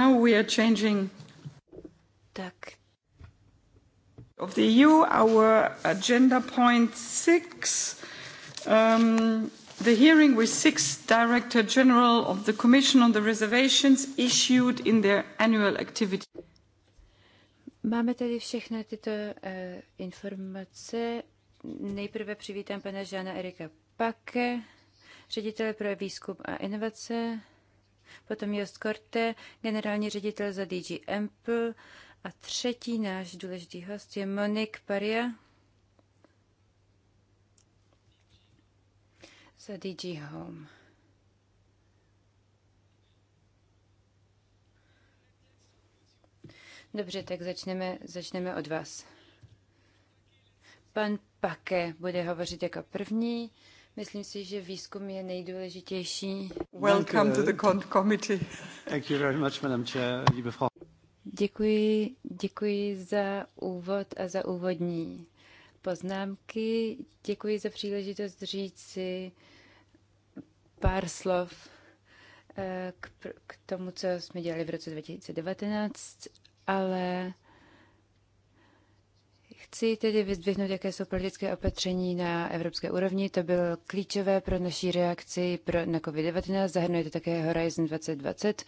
Now we are changing. Tak. Of the EU, our agenda point six, um, the hearing with six Director General of the Commission on the reservations issued in their annual activity. Máme tedy všechny tyto uh, informace. Nejprve přivítám pana Žána Erika Pake, ředitele pro výzkum a inovace potom Jost Korte, generální ředitel za DG Ample a třetí náš důležitý host je Monik Paria za DG Home. Dobře, tak začneme, začneme od vás. Pan Pake bude hovořit jako první Myslím si, že výzkum je nejdůležitější. Welcome to the Cont Committee. Thank you very much, Madam Chair, liebe Frau. Děkuji, děkuji za úvod a za úvodní poznámky. Děkuji za příležitost říct si pár slov eh, k, k tomu, co jsme dělali v roce 2019, ale Chci tedy vyzdvihnout, jaké jsou politické opatření na evropské úrovni. To bylo klíčové pro naší reakci pro, na COVID-19. Zahrnuje to také Horizon 2020.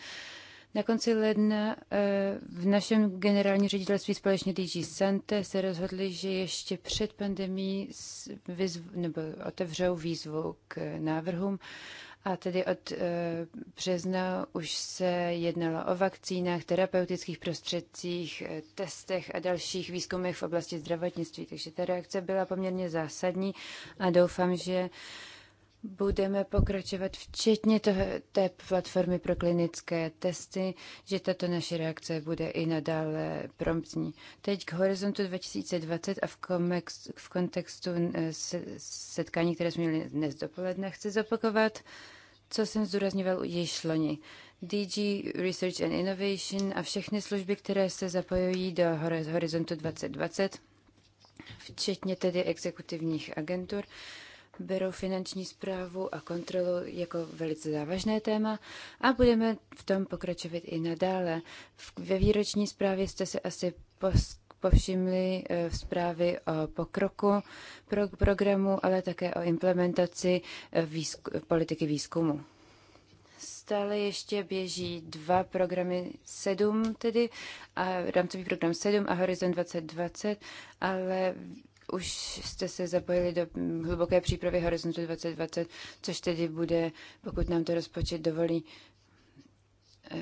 Na konci ledna eh, v našem generálním ředitelství společně DG Sante se rozhodli, že ještě před pandemí vyzv, nebo otevřou výzvu k návrhům a tedy od eh, března už se jednalo o vakcínách, terapeutických prostředcích, eh, testech a dalších výzkumech v oblasti zdravotnictví. Takže ta reakce byla poměrně zásadní a doufám, že budeme pokračovat včetně toho, té platformy pro klinické testy, že tato naše reakce bude i nadále promptní. Teď k horizontu 2020 a v, komex, v kontextu eh, setkání, které jsme měli dnes dopoledne, chci zopakovat, co jsem zdůrazňoval již loni. DG Research and Innovation a všechny služby, které se zapojují do horizontu 2020, včetně tedy exekutivních agentur, berou finanční zprávu a kontrolu jako velice závažné téma a budeme v tom pokračovat i nadále. Ve výroční zprávě jste se asi povšimli eh, zprávy o pokroku pro programu, ale také o implementaci eh, výzku, politiky výzkumu. Stále ještě běží dva programy 7 tedy, a rámcový program 7 a Horizon 2020, ale už jste se zapojili do hluboké přípravy Horizontu 2020, což tedy bude, pokud nám to rozpočet dovolí, eh,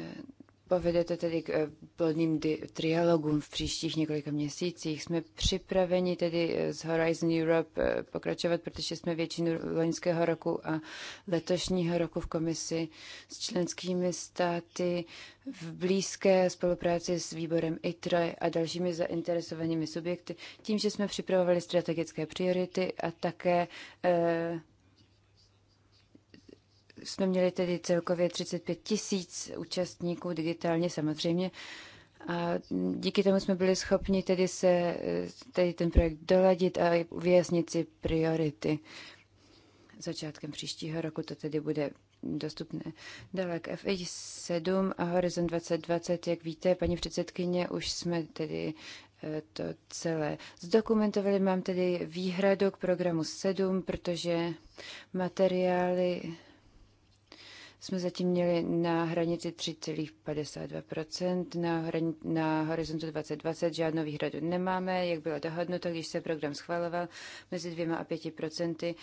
povedete tedy k eh, plodným trialogům v příštích několika měsících. Jsme připraveni tedy z eh, Horizon Europe eh, pokračovat, protože jsme většinu loňského roku a letošního roku v komisi s členskými státy v blízké spolupráci s výborem ITRE a dalšími zainteresovanými subjekty, tím, že jsme připravovali strategické priority a také eh, jsme měli tedy celkově 35 tisíc účastníků digitálně samozřejmě. A díky tomu jsme byli schopni tedy se eh, tedy ten projekt doladit a vyjasnit si priority. Začátkem příštího roku to tedy bude dostupné. Dále k 7 a Horizon 2020, jak víte, paní předsedkyně, už jsme tedy eh, to celé zdokumentovali. Mám tedy výhradu k programu 7, protože materiály jsme zatím měli na hranici 3,52%, na, hran, na horizontu 2020 žádnou výhradu nemáme, jak bylo dohodnuto, když se program schvaloval, mezi dvěma a 5 procenty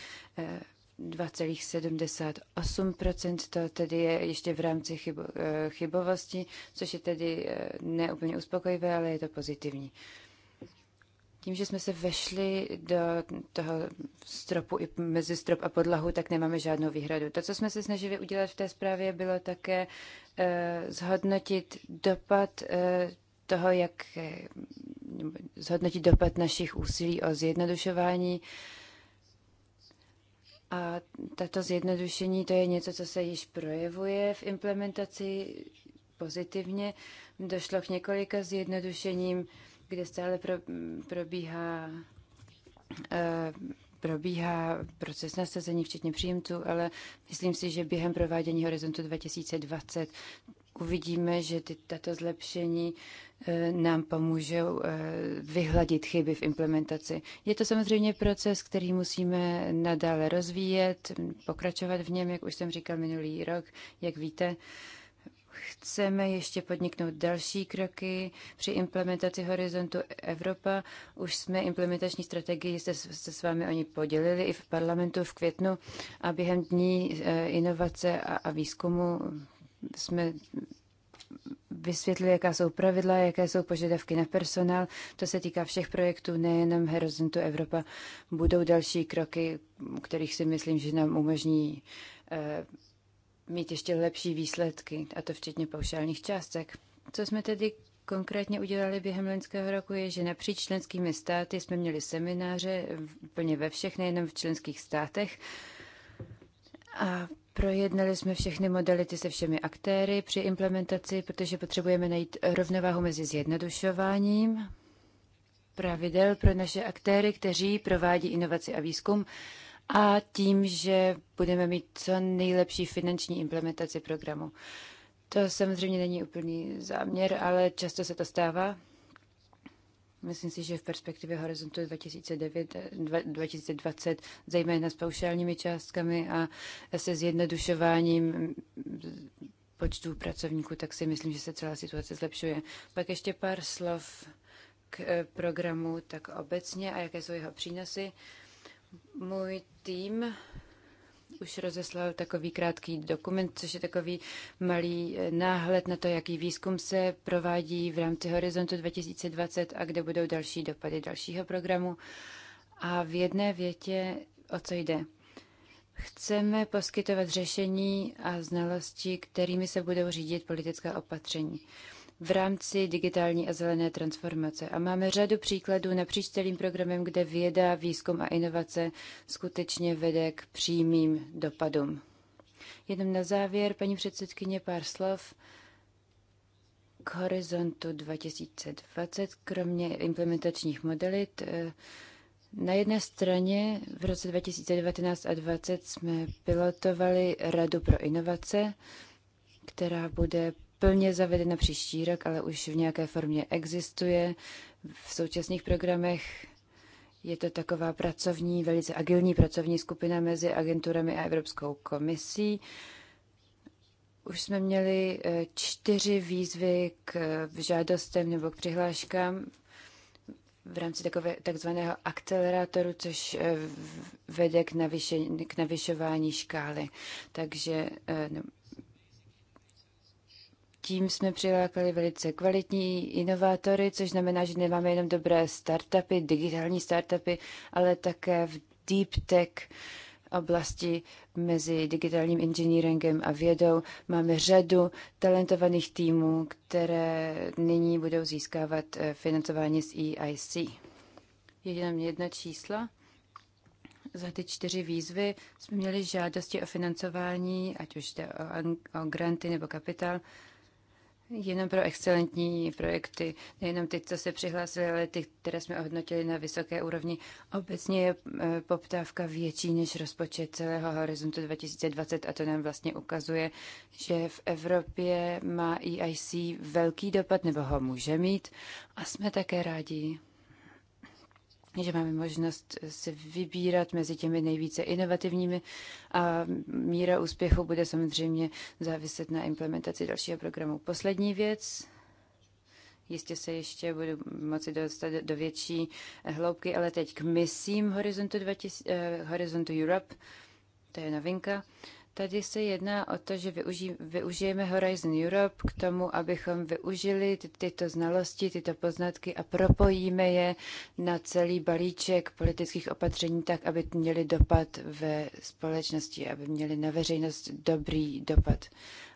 2,78%, eh, to tedy je ještě v rámci chybo, eh, chybovosti, což je tedy eh, neúplně uspokojivé, ale je to pozitivní. Tím, že jsme se vešli do toho stropu i mezi strop a podlahu, tak nemáme žádnou výhradu. To, co jsme se snažili udělat v té zprávě, bylo také eh, zhodnotit dopad eh, toho, jak eh, zhodnotit dopad našich úsilí o zjednodušování a tato zjednodušení to je něco, co se již projevuje v implementaci pozitivně. Došlo k několika zjednodušením kde stále pro, probíhá eh, probíhá proces nasazení, včetně příjemců, ale myslím si, že během provádění Horizontu 2020 uvidíme, že ty, tato zlepšení eh, nám pomůžou eh, vyhladit chyby v implementaci. Je to samozřejmě proces, který musíme nadále rozvíjet, pokračovat v něm, jak už jsem říkal minulý rok, jak víte chceme ještě podniknout další kroky při implementaci Horizontu Evropa. Už jsme implementační strategii se, se s vámi oni podělili i v parlamentu v květnu a během dní e, inovace a, a výzkumu jsme vysvětlili, jaká jsou pravidla, jaké jsou požadavky na personál. To se týká všech projektů, nejenom Horizontu Evropa. Budou další kroky, kterých si myslím, že nám umožní e, mít ještě lepší výsledky, a to včetně paušálních částek. Co jsme tedy konkrétně udělali během loňského roku, je, že napříč členskými státy jsme měli semináře úplně ve všech, nejenom v členských státech. A projednali jsme všechny modality se všemi aktéry při implementaci, protože potřebujeme najít rovnováhu mezi zjednodušováním pravidel pro naše aktéry, kteří provádí inovaci a výzkum, a tím, že budeme mít co nejlepší finanční implementaci programu. To samozřejmě není úplný záměr, ale často se to stává. Myslím si, že v perspektivě horizontu 2009, 2020, zejména s paušálními částkami a se zjednodušováním počtu pracovníků, tak si myslím, že se celá situace zlepšuje. Pak ještě pár slov k programu tak obecně a jaké jsou jeho přínosy. Můj tým už rozeslal takový krátký dokument, což je takový malý eh, náhled na to, jaký výzkum se provádí v rámci Horizontu 2020 a kde budou další dopady dalšího programu. A v jedné větě, o co jde? Chceme poskytovat řešení a znalosti, kterými se budou řídit politická opatření v rámci digitální a zelené transformace. A máme řadu příkladů napříč celým programem, kde věda, výzkum a inovace skutečně vede k přímým dopadům. Jenom na závěr, paní předsedkyně, pár slov k horizontu 2020, kromě implementačních modelit. Na jedné straně v roce 2019 a 2020 jsme pilotovali Radu pro inovace, která bude plně zavedena příští rok, ale už v nějaké formě existuje. V současných programech je to taková pracovní, velice agilní pracovní skupina mezi agenturami a Evropskou komisí. Už jsme měli eh, čtyři výzvy k eh, žádostem nebo k přihláškám v rámci takové, takzvaného akcelerátoru, což eh, vede k, navyšení, k navyšování škály. Takže no, tím jsme přilákali velice kvalitní inovátory, což znamená, že nemáme jenom dobré startupy, digitální startupy, ale také v deep tech oblasti mezi digitálním inženýringem a vědou. Máme řadu talentovaných týmů, které nyní budou získávat eh, financování z EIC. Je jenom jedna čísla. Za ty čtyři výzvy jsme měli žádosti o financování, ať už jde o, o granty nebo kapitál, jenom pro excelentní projekty, nejenom ty, co se přihlásili, ale ty, které jsme ohodnotili na vysoké úrovni. Obecně je e, poptávka větší než rozpočet celého horizontu 2020 a to nám vlastně ukazuje, že v Evropě má EIC velký dopad, nebo ho může mít a jsme také rádi, že máme možnost si vybírat mezi těmi nejvíce inovativními a míra úspěchu bude samozřejmě záviset na implementaci dalšího programu. Poslední věc, jistě se ještě budu moci dostat do větší hloubky, ale teď k misím Horizontu, 20, eh, Horizontu Europe, to je novinka. Eh, Tady se jedná o to, že využí, využijeme Horizon Europe k tomu, abychom využili ty, tyto znalosti, tyto poznatky a propojíme je na celý balíček politických opatření tak, aby měli dopad ve společnosti, aby měli na veřejnost dobrý dopad,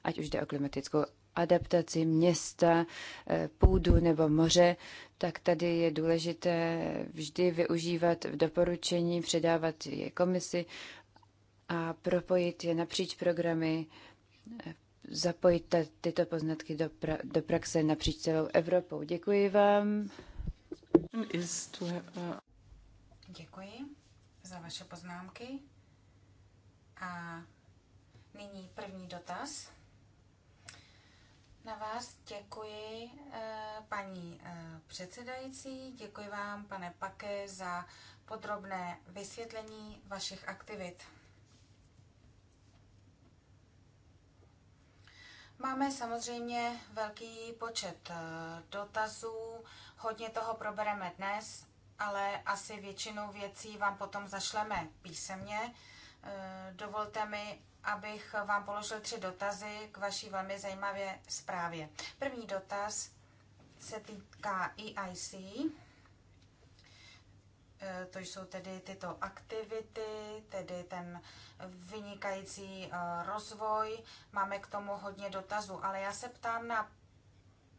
ať už jde o klimatickou adaptaci města, eh, půdu nebo moře, tak tady je důležité vždy využívat v doporučení, předávat je komisi a propojit je napříč programy, e, zapojit tyto poznatky do, pra, do praxe napříč celou Evropou. Děkuji vám. Děkuji za vaše poznámky. A nyní první dotaz. Na vás děkuji, e, paní e, předsedající, děkuji vám, pane Pake, za podrobné vysvětlení vašich aktivit. Máme samozřejmě velký počet eh, dotazů, hodně toho probereme dnes, ale asi většinu věcí vám potom zašleme písemně. Eh, dovolte mi, abych vám položil tři dotazy k vaší velmi zajímavé zprávě. První dotaz se týká EIC. Eh, to jsou tedy tyto aktivity, tedy ten vynikající eh, rozvoj. Máme k tomu hodně dotazů, ale já se ptám na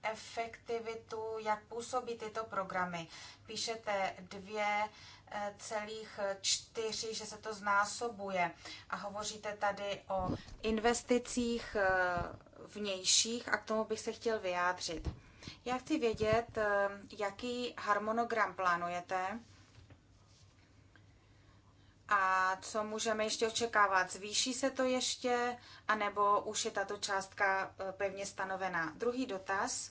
efektivitu, jak působí tyto programy. Píšete dvě eh, celých čtyři, že se to znásobuje. A hovoříte tady o investicích vnějších a k tomu bych se chtěl vyjádřit. Já chci vědět, jaký harmonogram plánujete a co můžeme ještě očekávat? Zvýší se to ještě, anebo už je tato částka eh, pevně stanovená? Druhý dotaz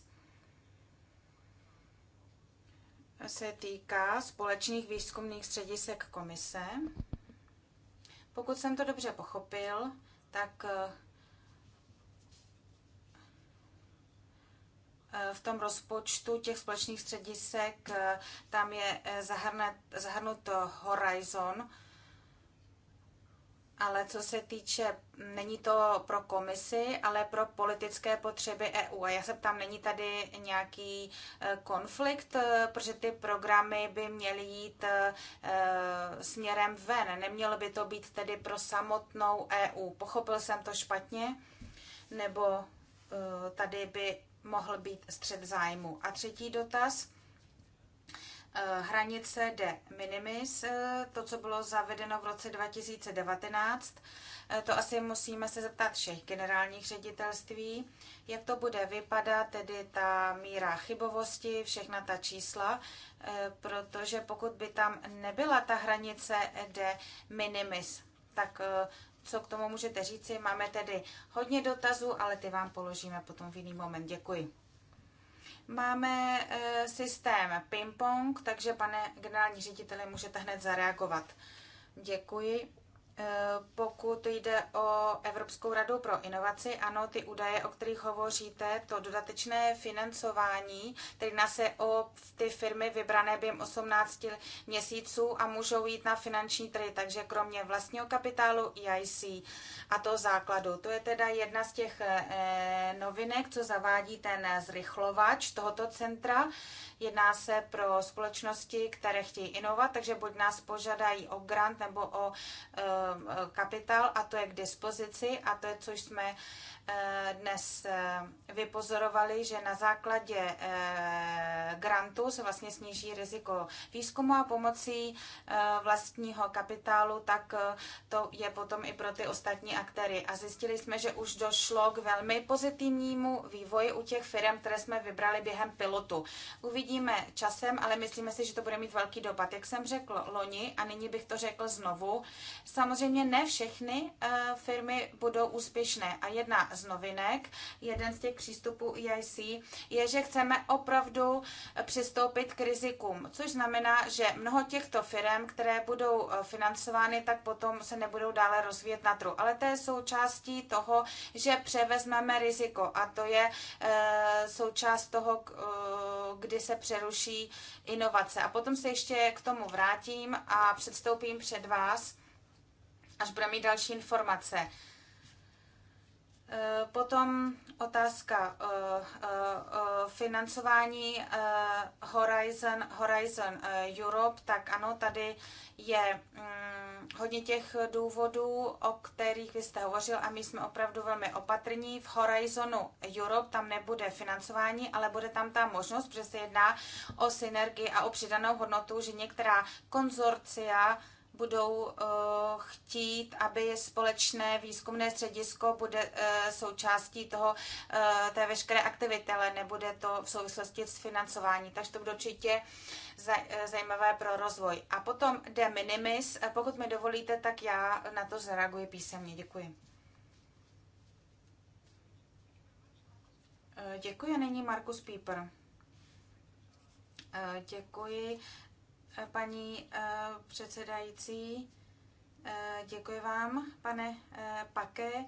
se týká společných výzkumných středisek komise. Pokud jsem to dobře pochopil, tak eh, eh, v tom rozpočtu těch společných středisek tam je zahrnuto zahrnut Horizon, ale co se týče, není to pro komisi, ale pro politické potřeby EU. A já se ptám, není tady nějaký eh, konflikt, eh, protože ty programy by měly jít eh, směrem ven. Nemělo by to být tedy pro samotnou EU. Pochopil jsem to špatně? Nebo tady by mohl být střed zájmu? A třetí dotaz – Eh, hranice de minimis, eh, to, co bylo zavedeno v roce 2019. Eh, to asi musíme se zeptat všech generálních ředitelství, jak to bude vypadat, tedy ta míra chybovosti, všechna ta čísla, protože pokud by tam nebyla ta hranice de minimis, tak co k tomu můžete říci? Máme tedy hodně dotazů, ale ty vám položíme potom v jiný moment. Děkuji. Máme eh, systém ping-pong, takže pane generální řediteli, můžete hned zareagovat. Děkuji. Eh, pokud jde o Evropskou radu pro inovaci, ano, ty údaje, o kterých hovoříte, to dodatečné financování, tedy na se o ty firmy vybrané během 18 měsíců a můžou jít na finanční trhy, takže kromě vlastního kapitálu EIC a toho základu. To je teda jedna z těch eh, novinek, co zavádí ten zrychlovač tohoto centra. Jedná se pro společnosti, které chtějí inovat, takže buď nás požádají o grant nebo o eh, Eh, kapitál a to je k dispozici a to je, co jsme Eh, dnes eh, vypozorovali, že na základě eh, grantu se vlastně sníží riziko výzkumu a pomocí vlastního kapitálu, tak to je potom i pro ty ostatní aktéry. A zjistili jsme, že už došlo k velmi pozitivnímu vývoji u těch firm, které jsme vybrali během pilotu. Uvidíme časem, ale myslíme si, že to bude mít velký dopad. Jak jsem řekl loni a nyní bych to řekl znovu, samozřejmě ne všechny firmy budou úspěšné a jedna z novinek. Jeden z těch přístupů EIC je, že chceme opravdu přistoupit k rizikům, což znamená, že mnoho těchto firm, které budou eh, financovány, tak potom se nebudou dále rozvíjet na trhu. Ale to je součástí toho, že převezmeme riziko a to je eh, součást toho, eh, kdy se přeruší inovace. A potom se ještě k tomu vrátím a předstoupím před vás, až budeme mít další informace. Eh, potom otázka eh, eh, financování Horizon, Horizon Europe, tak ano, tady je mm, hodně těch důvodů, o kterých vy jste hovořil a my jsme opravdu velmi opatrní. V Horizonu Europe tam nebude financování, ale bude tam ta možnost, protože se jedná o synergii a o přidanou hodnotu, že některá konzorcia budou eh, chtít, aby společné výzkumné středisko bude eh, součástí toho, eh, té veškeré aktivity, ale nebude to v souvislosti s financování. Takže to bude určitě zajímavé pro rozvoj. A potom de minimis, pokud mi dovolíte, tak já na to zareaguji písemně. Děkuji. Děkuji a nyní Markus Pieper. Děkuji. Eh, paní eh, předsedající. Eh, děkuji vám, pane Pake,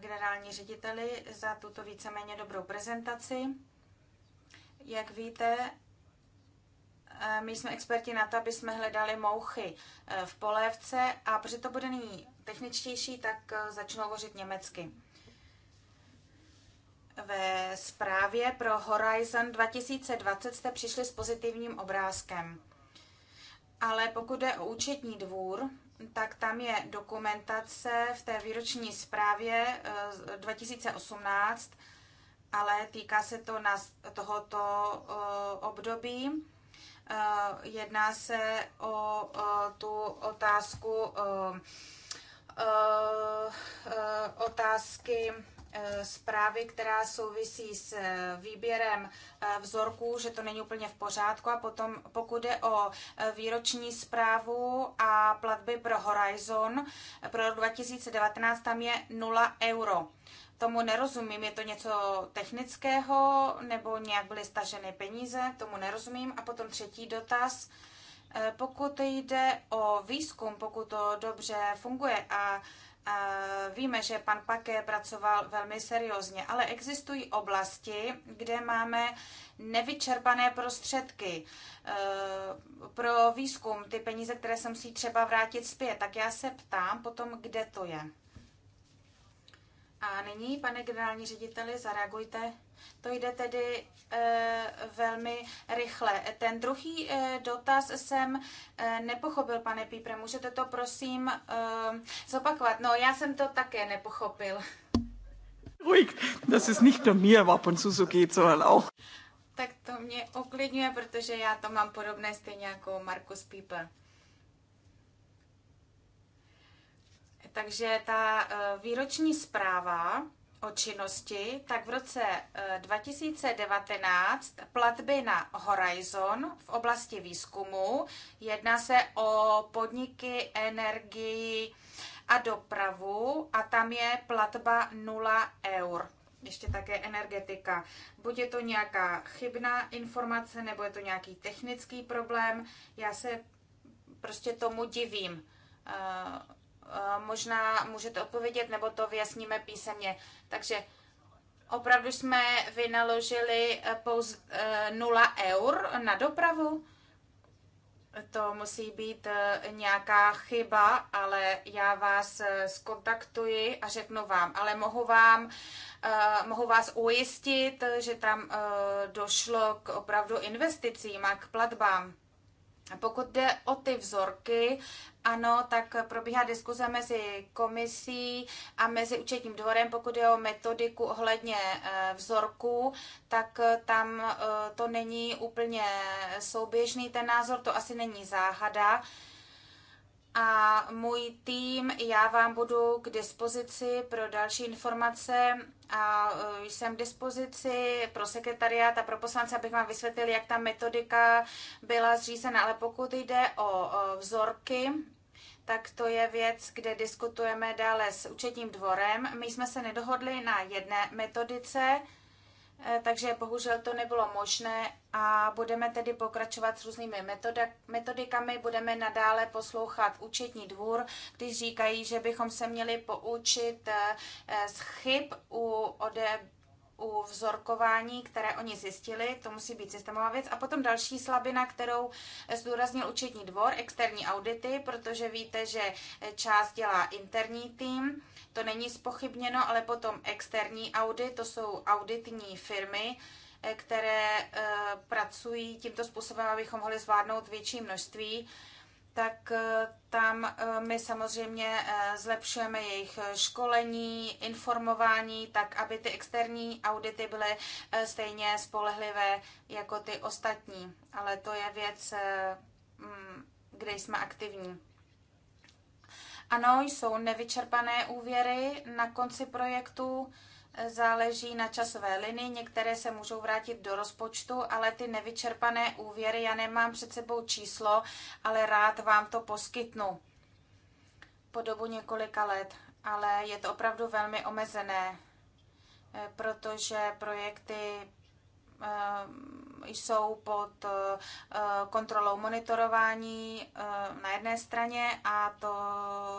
generální řediteli, za tuto víceméně dobrou prezentaci. Jak víte, my jsme experti na to, aby jsme hledali mouchy v polévce a protože to bude nyní techničtější, tak začnu hovořit německy ve zprávě pro Horizon 2020 jste přišli s pozitivním obrázkem. Ale pokud je o účetní dvůr, tak tam je dokumentace v té výroční zprávě 2018, eh, ale týká se to na tohoto eh, období. Eh, jedná se o tu otázku otázky Eh, zprávy, která souvisí s eh, výběrem eh, vzorků, že to není úplně v pořádku. A potom, pokud jde o výroční zprávu a platby pro Horizon pro rok 2019, tam je 0 euro. Tomu nerozumím, je to něco technického, nebo nějak byly staženy peníze, tomu nerozumím. A potom třetí dotaz. Pokud jde o výzkum, pokud to dobře funguje a Víme, že pan Paké pracoval velmi seriózně, ale existují oblasti, kde máme nevyčerpané prostředky e, pro výzkum, ty peníze, které se musí třeba vrátit zpět. Tak já se ptám potom, kde to je. A nyní, pane generální řediteli, zareagujte to jde tedy e, velmi rychle. Ten druhý e, dotaz jsem e, nepochopil, pane Pípre. Můžete to prosím zopakovat? No, já jsem to také nepochopil. Ruhig, das ist nicht nur mir, ab und zu so geht's auch. Tak to mě uklidňuje, protože já to mám podobné stejně jako Markus Pípr. Takže ta výroční zpráva o činnosti, tak v roce 2019 eh, platby na Horizon v oblasti výzkumu, jedná se o podniky, energii a dopravu a tam je platba 0 eur. Ještě také energetika. Buď je to nějaká chybná informace, nebo je to nějaký technický problém. Já se prostě tomu divím eh, Eh, možná můžete odpovědět, nebo to vyjasníme písemně. Takže opravdu jsme vynaložili eh, pouze 0 eh, eur na dopravu. To musí být nějaká chyba, ale já vás skontaktuji a řeknu vám. Ale mohu, vám, mohu vás ujistit, že tam došlo k opravdu investicím a k platbám. Pokud jde o ty vzorky, ano, tak probíhá diskuze mezi komisí a mezi účetním dvorem, pokud je o metodiku ohledně eh, vzorků, tak eh, tam eh, to není úplně souběžný ten názor, to asi není záhada a můj tým, já vám budu k dispozici pro další informace a e, jsem k dispozici pro sekretariát a pro poslance, abych vám vysvětlil, jak ta metodika byla zřízena. Ale pokud jde o vzorky, tak to je věc, kde diskutujeme dále s účetním dvorem. My jsme se nedohodli na jedné metodice, e, takže bohužel to nebylo možné a budeme tedy pokračovat s různými metoda, metodikami, budeme nadále poslouchat účetní dvůr, když říkají, že bychom se měli poučit eh, z chyb u ode u vzorkování, které oni zjistili, to musí být systémová věc. A potom další slabina, kterou zdůraznil účetní dvor, externí audity, protože víte, že eh, část dělá interní tým, to není spochybněno, ale potom externí audit, to jsou auditní firmy, Eh, které eh, pracují tímto způsobem, abychom mohli zvládnout větší množství, tak eh, tam my samozřejmě zlepšujeme jejich školení, informování, tak aby ty externí audity byly stejně spolehlivé jako ty ostatní. Ale to je věc, mm, kde jsme aktivní. Ano, jsou nevyčerpané úvěry na konci projektu záleží na časové linii, některé se můžou vrátit do rozpočtu, ale ty nevyčerpané úvěry, já nemám před sebou číslo, ale rád vám to poskytnu po dobu několika let, ale je to opravdu velmi omezené, eh, protože projekty eh, jsou pod eh, eh, kontrolou monitorování eh, na jedné straně a to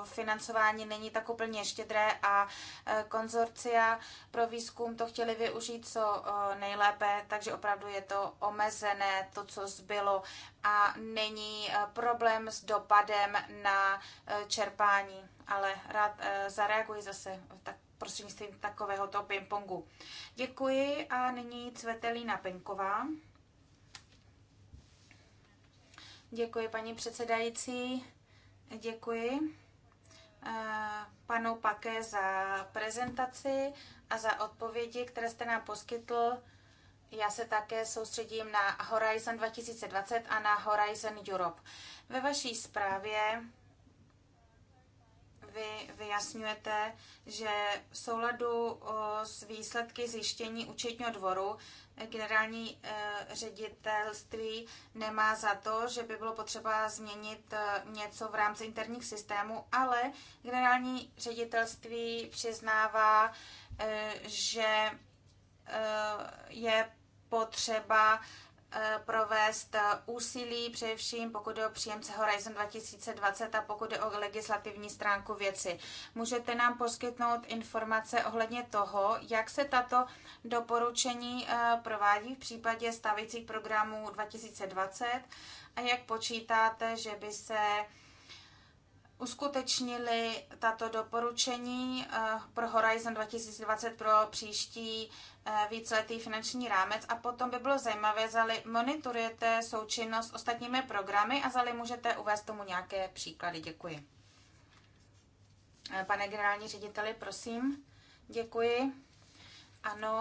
financování není tak úplně štědré a konzorcia pro výzkum to chtěli využít co nejlépe, takže opravdu je to omezené, to, co zbylo a není problém s dopadem na čerpání, ale rád zareaguji zase tak prostřednictvím takovéhoto pingpongu. Děkuji a nyní Cvetelína Penková. Děkuji, paní předsedající. Děkuji eh, panu Paké za prezentaci a za odpovědi, které jste nám poskytl. Já se také soustředím na Horizon 2020 a na Horizon Europe. Ve vaší zprávě vy vyjasňujete, že v souladu s výsledky zjištění účetního dvoru e, generální e, ředitelství nemá za to, že by bylo potřeba změnit e, něco v rámci interních systémů, ale generální ředitelství přiznává, že je potřeba Eh, provést eh, úsilí, především pokud je o příjemce Horizon 2020 a pokud je o legislativní stránku věci. Můžete nám poskytnout informace ohledně toho, jak se tato doporučení eh, provádí v případě stavících programů 2020 a jak počítáte, že by se uskutečnili tato doporučení eh, pro Horizon 2020 pro příští eh, víceletý finanční rámec a potom by bylo zajímavé, zali monitorujete součinnost s ostatními programy a zali můžete uvést tomu nějaké příklady. Děkuji. Eh, pane generální řediteli, prosím. Děkuji. Ano,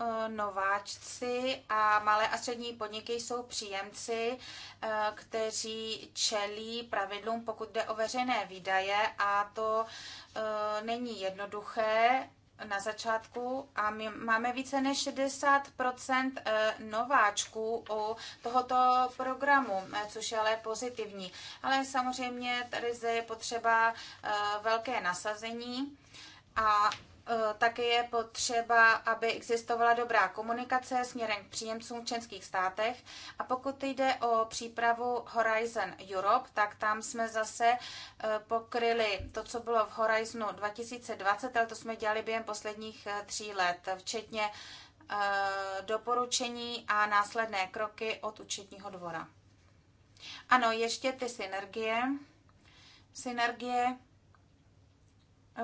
eh, nováčci a malé a střední podniky jsou příjemci, eh, kteří čelí pravidlům, pokud jde o veřejné výdaje a to eh, není jednoduché na začátku a my máme více než 60 nováčků u tohoto programu, což je ale pozitivní. Ale samozřejmě tady je potřeba velké nasazení a Eh, také je potřeba, aby existovala dobrá komunikace směrem k příjemcům v členských státech. A pokud jde o přípravu Horizon Europe, tak tam jsme zase eh, pokryli to, co bylo v Horizonu 2020, ale to jsme dělali během posledních eh, tří let, včetně doporučení a následné kroky od účetního dvora. Ano, ještě ty synergie. Synergie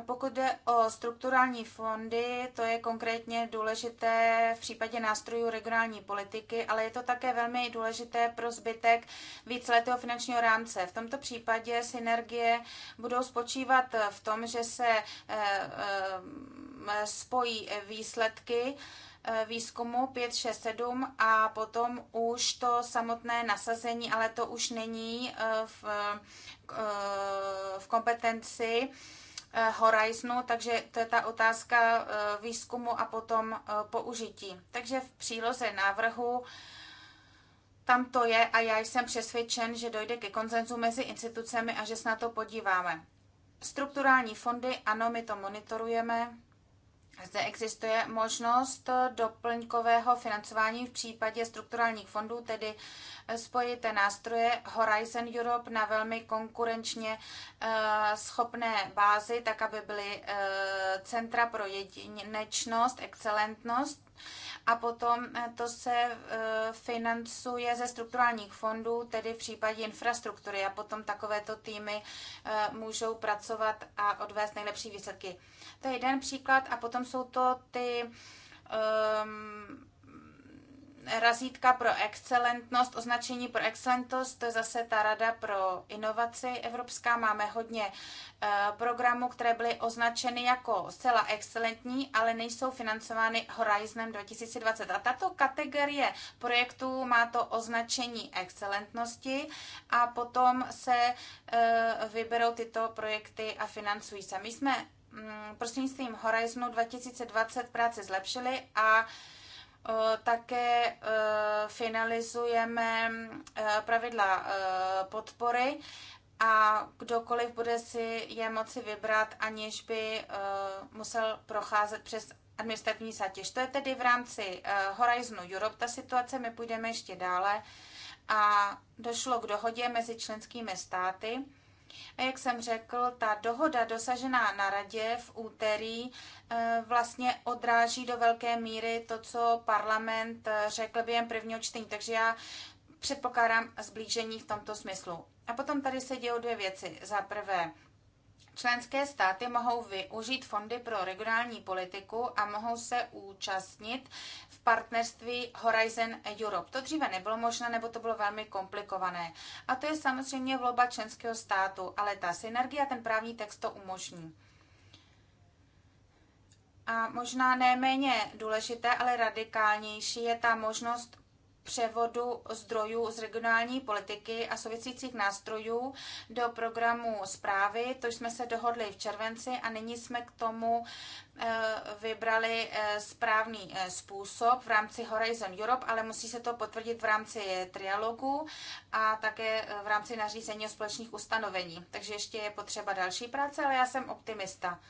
pokud jde o strukturální fondy, to je konkrétně důležité v případě nástrojů regionální politiky, ale je to také velmi důležité pro zbytek víceletého finančního rámce. V tomto případě synergie budou spočívat v tom, že se eh, eh, spojí výsledky eh, výzkumu 7 a potom už to samotné nasazení, ale to už není v, v kompetenci Eh, Horizonu, takže to je ta otázka eh, výzkumu a potom eh, použití. Takže v příloze návrhu tam to je a já jsem přesvědčen, že dojde ke konzenzu mezi institucemi a že se na to podíváme. Strukturální fondy, ano, my to monitorujeme zde existuje možnost eh, doplňkového financování v případě strukturálních fondů, tedy eh, spojité nástroje Horizon Europe na velmi konkurenčně eh, schopné bázi, tak aby byly centra pro jedinečnost, excelentnost a potom eh, to se eh, financuje ze strukturálních fondů, tedy v případě infrastruktury a potom takovéto týmy eh, můžou pracovat a odvést nejlepší výsledky. To je jeden příklad a potom jsou to ty um, razítka pro excelentnost, označení pro excelentnost, to je zase ta rada pro inovaci evropská. Máme hodně eh, programů, které byly označeny jako zcela excelentní, ale nejsou financovány Horizonem 2020. A tato kategorie projektů má to označení excelentnosti a potom se eh, vyberou tyto projekty a financují se. My jsme mm, prostřednictvím Horizonu 2020 práci zlepšili a také finalizujeme pravidla podpory a kdokoliv bude si je moci vybrat, aniž by musel procházet přes administrativní zátěž. To je tedy v rámci Horizonu Europe ta situace, my půjdeme ještě dále a došlo k dohodě mezi členskými státy a jak jsem řekl, ta dohoda dosažená na radě v úterý eh, vlastně odráží do velké míry to, co parlament eh, řekl během prvního čtení. Takže já předpokládám zblížení v tomto smyslu. A potom tady se dějí dvě věci. Za prvé, Členské státy mohou využít fondy pro regionální politiku a mohou se účastnit v partnerství Horizon Europe. To dříve nebylo možné, nebo to bylo velmi komplikované. A to je samozřejmě vloba členského státu, ale ta synergie a ten právní text to umožní. A možná nejméně důležité, ale radikálnější je ta možnost převodu zdrojů z regionální politiky a souvisících nástrojů do programu zprávy. To jsme se dohodli v červenci a nyní jsme k tomu eh, vybrali eh, správný eh, způsob v rámci Horizon Europe, ale musí se to potvrdit v rámci trialogu a také v rámci nařízení o společných ustanovení. Takže ještě je potřeba další práce, ale já jsem optimista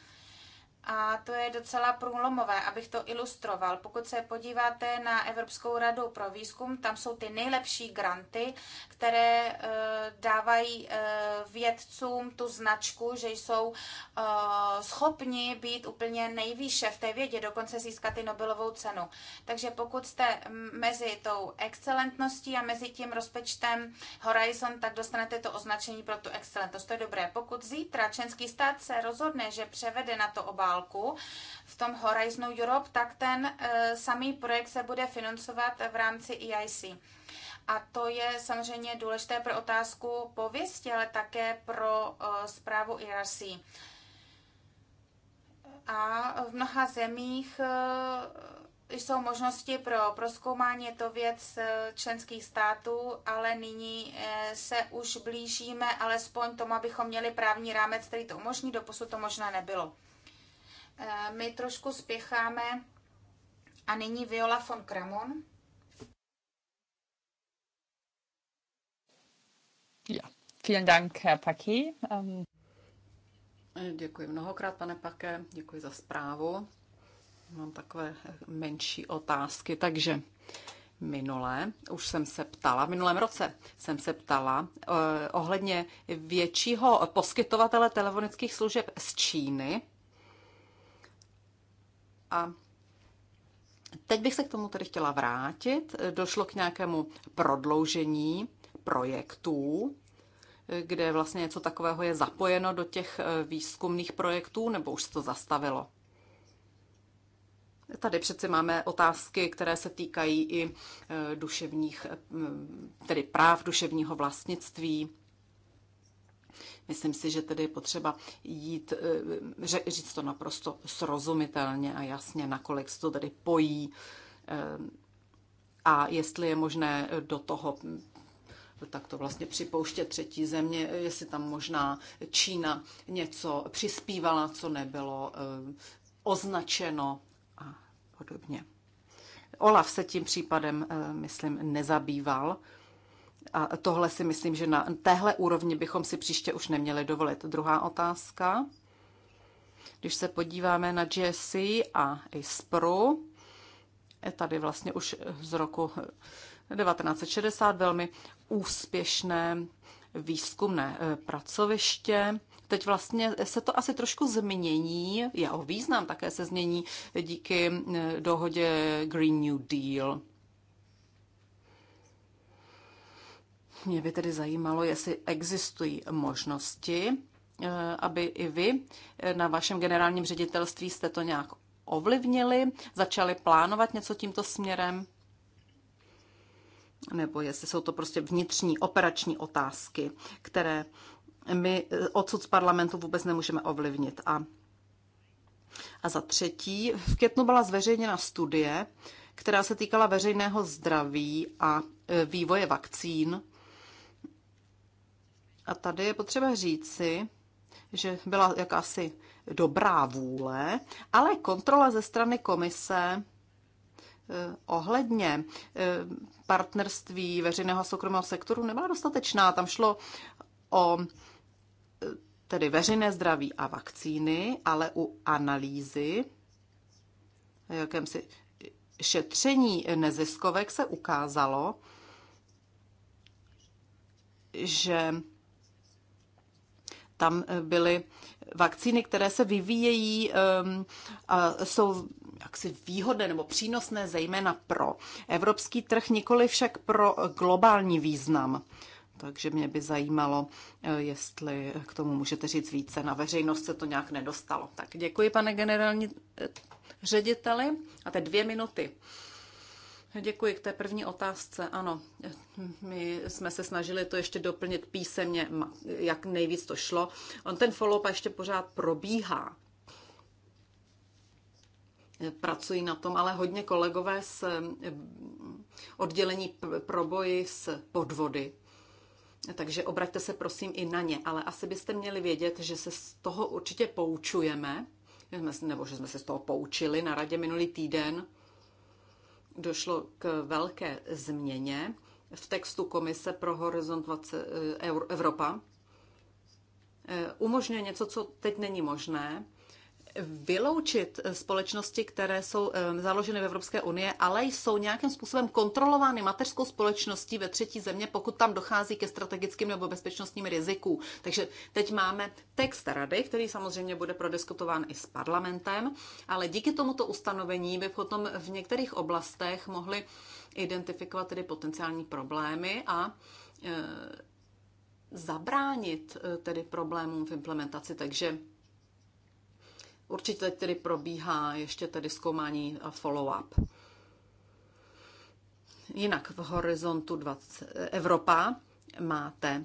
a to je docela průlomové, abych to ilustroval. Pokud se podíváte na Evropskou radu pro výzkum, tam jsou ty nejlepší granty, které eh, dávají eh, vědcům tu značku, že jsou eh, schopni být úplně nejvýše v té vědě, dokonce získat i Nobelovou cenu. Takže pokud jste mezi tou excelentností a mezi tím rozpečtem Horizon, tak dostanete to označení pro tu excelentnost. To je dobré. Pokud zítra členský stát se rozhodne, že převede na to obal, válku v tom Horizon Europe, tak ten eh, samý projekt se bude financovat v rámci EIC. A to je samozřejmě důležité pro otázku pověsti, ale také pro eh, zprávu IRC. E A v mnoha zemích eh, jsou možnosti pro proskoumání, je to věc členských států, ale nyní se už blížíme alespoň tomu, abychom měli právní rámec, který to umožní, doposud to možná nebylo. Eh, my trošku spěcháme. A nyní Viola von Kramon. Ja, vielen Dank, Herr Paquet. Um... Ähm, eh, děkuji mnohokrát, pane Paké, děkuji za zprávu. Mám takové menší otázky, takže minule, už jsem se ptala, v minulém roce jsem se ptala eh, ohledně většího poskytovatele telefonických služeb z Číny, a teď bych se k tomu tedy chtěla vrátit. Došlo k nějakému prodloužení projektů, kde vlastně něco takového je zapojeno do těch eh, výzkumných projektů, nebo už se to zastavilo? Tady přeci máme otázky, které se týkají i eh, duševních, eh, tedy práv duševního vlastnictví. Myslím si, že tedy je potřeba jít, eh, říct to naprosto srozumitelně a jasně, nakolik se to tedy pojí eh, a jestli je možné do toho hm, tak to vlastně připouště třetí země, jestli tam možná Čína něco přispívala, co nebylo eh, označeno a podobně. Olaf se tím případem, myslím, nezabýval. A tohle si myslím, že na téhle úrovni bychom si příště už neměli dovolit. Druhá otázka. Když se podíváme na Jesse a ISPRu, tady vlastně už z roku 1960 velmi úspěšné výzkumné eh, pracoviště. Teď vlastně se to asi trošku změní, jeho význam také se změní díky eh, dohodě Green New Deal. Mě by tedy zajímalo, jestli existují možnosti, eh, aby i vy eh, na vašem generálním ředitelství jste to nějak ovlivnili, začali plánovat něco tímto směrem, nebo jestli jsou to prostě vnitřní operační otázky, které my eh, odsud z parlamentu vůbec nemůžeme ovlivnit. A, a za třetí, v květnu byla zveřejněna studie, která se týkala veřejného zdraví a vývoje vakcín a tady je potřeba říci, že byla jakási dobrá vůle, ale kontrola ze strany komise eh, ohledně eh, partnerství veřejného a soukromého sektoru nebyla dostatečná. Tam šlo o eh, tedy veřejné zdraví a vakcíny, ale u analýzy, jakémsi šetření neziskovek se ukázalo, že tam eh, byly vakcíny, které se vyvíjejí ehm, a jsou jaksi výhodné nebo přínosné zejména pro evropský trh, nikoli však pro globální význam. Takže mě by zajímalo, eh, jestli k tomu můžete říct více. Na veřejnost se to nějak nedostalo. Tak děkuji, pane generální eh, řediteli. A teď dvě minuty Děkuji k té první otázce. Ano, my jsme se snažili to ještě doplnit písemně, jak nejvíc to šlo. On ten follow-up ještě pořád probíhá. Pracují na tom, ale hodně kolegové z eh, oddělení proboji s podvody. Takže obraťte se prosím i na ně, ale asi byste měli vědět, že se z toho určitě poučujeme, nebo že jsme se z toho poučili na radě minulý týden došlo k velké změně v textu Komise pro Horizont 20 eh, Evropa. Eh, umožňuje něco, co teď není možné, vyloučit společnosti, které jsou založeny v Evropské unie, ale jsou nějakým způsobem kontrolovány mateřskou společností ve třetí země, pokud tam dochází ke strategickým nebo bezpečnostním rizikům. Takže teď máme text rady, který samozřejmě bude prodiskutován i s parlamentem, ale díky tomuto ustanovení by potom v některých oblastech mohli identifikovat tedy potenciální problémy a e, zabránit e, tedy problémům v implementaci. Takže Určitě tedy probíhá ještě tedy zkoumání eh, follow-up. Jinak v horizontu 20, eh, Evropa máte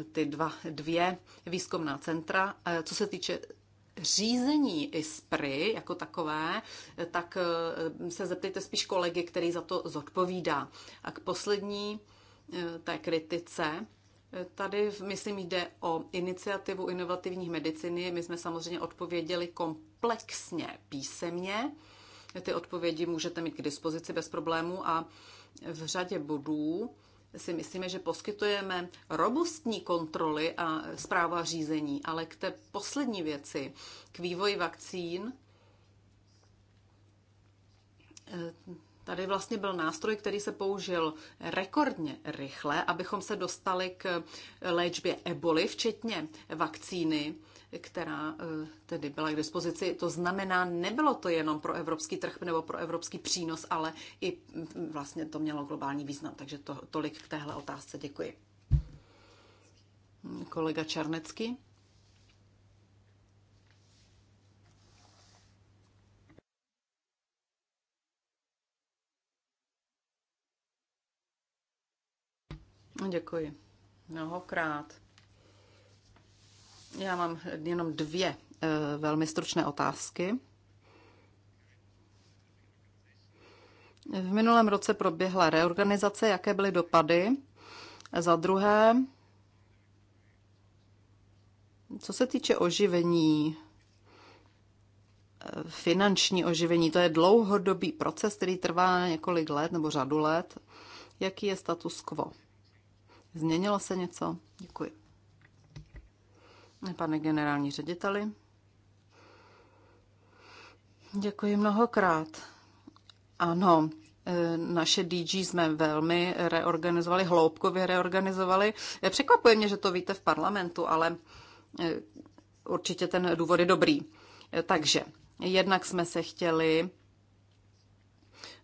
eh, ty dva, dvě výzkumná centra. Co se týče řízení ISPRY jako takové, tak se zeptejte spíš kolegy, který za to zodpovídá. A k poslední té kritice, Tady, myslím, jde o iniciativu inovativních medicíny. My jsme samozřejmě odpověděli komplexně písemně. Ty odpovědi můžete mít k dispozici bez problému a v řadě bodů si myslíme, že poskytujeme robustní kontroly a zpráva řízení, ale k té poslední věci, k vývoji vakcín, Tady vlastně byl nástroj, který se použil rekordně rychle, abychom se dostali k léčbě eboli, včetně vakcíny, která eh, tedy byla k dispozici. To znamená, nebylo to jenom pro evropský trh nebo pro evropský přínos, ale i hm, vlastně to mělo globální význam. Takže to, tolik k téhle otázce. Děkuji. Hm, kolega Čarnecký. Děkuji. Mnohokrát. Já mám jenom dvě eh, velmi stručné otázky. V minulém roce proběhla reorganizace, jaké byly dopady? Za druhé, co se týče oživení, eh, finanční oživení, to je dlouhodobý proces, který trvá několik let nebo řadu let. Jaký je status quo? Změnilo se něco? Děkuji. Pane generální řediteli, děkuji mnohokrát. Ano, e, naše DG jsme velmi reorganizovali, hloubkově reorganizovali. E, překvapuje mě, že to víte v parlamentu, ale e, určitě ten důvod je dobrý. Takže jednak jsme se chtěli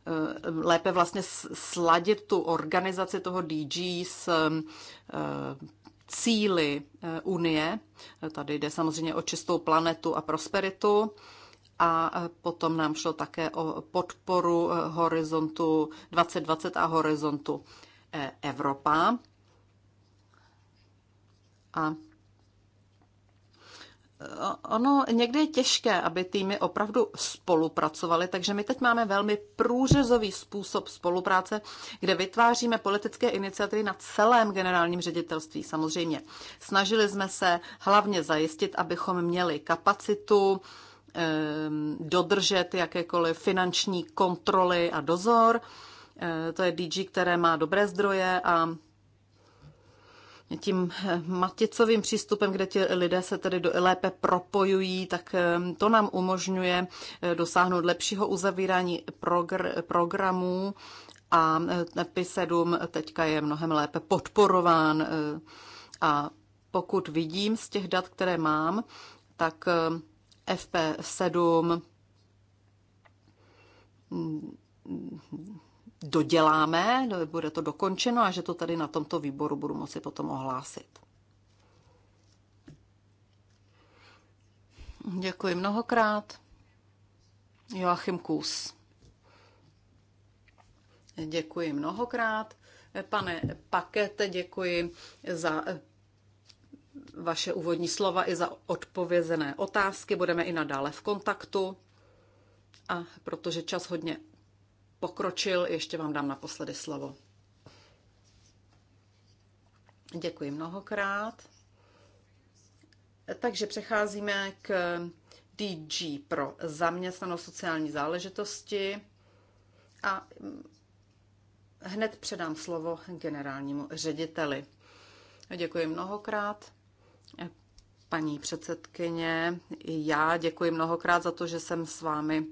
Eh, lépe vlastně sladit tu organizaci toho DG s eh, cíly eh, Unie. Tady jde samozřejmě o čistou planetu a prosperitu. A potom nám šlo také o podporu horizontu 2020 a horizontu Evropa. A Ono někdy je těžké, aby týmy opravdu spolupracovaly, takže my teď máme velmi průřezový způsob spolupráce, kde vytváříme politické iniciativy na celém generálním ředitelství samozřejmě. Snažili jsme se hlavně zajistit, abychom měli kapacitu ehm, dodržet jakékoliv finanční kontroly a dozor. Eh, to je DG, které má dobré zdroje a tím eh, maticovým přístupem, kde ti lidé se tedy do, lépe propojují, tak eh, to nám umožňuje eh, dosáhnout lepšího uzavírání progr, programů a P7 teďka je mnohem lépe podporován a pokud vidím z těch dat, které mám, tak FP7 doděláme, bude to dokončeno a že to tady na tomto výboru budu moci potom ohlásit. Děkuji mnohokrát. Joachim Kus. Děkuji mnohokrát. Pane Pakete, děkuji za eh, vaše úvodní slova i za odpovězené otázky. Budeme i nadále v kontaktu. A protože čas hodně pokročil. Ještě vám dám naposledy slovo. Děkuji mnohokrát. Takže přecházíme k DG pro zaměstnanost sociální záležitosti a hned předám slovo generálnímu řediteli. Děkuji mnohokrát paní předsedkyně. Já děkuji mnohokrát za to, že jsem s vámi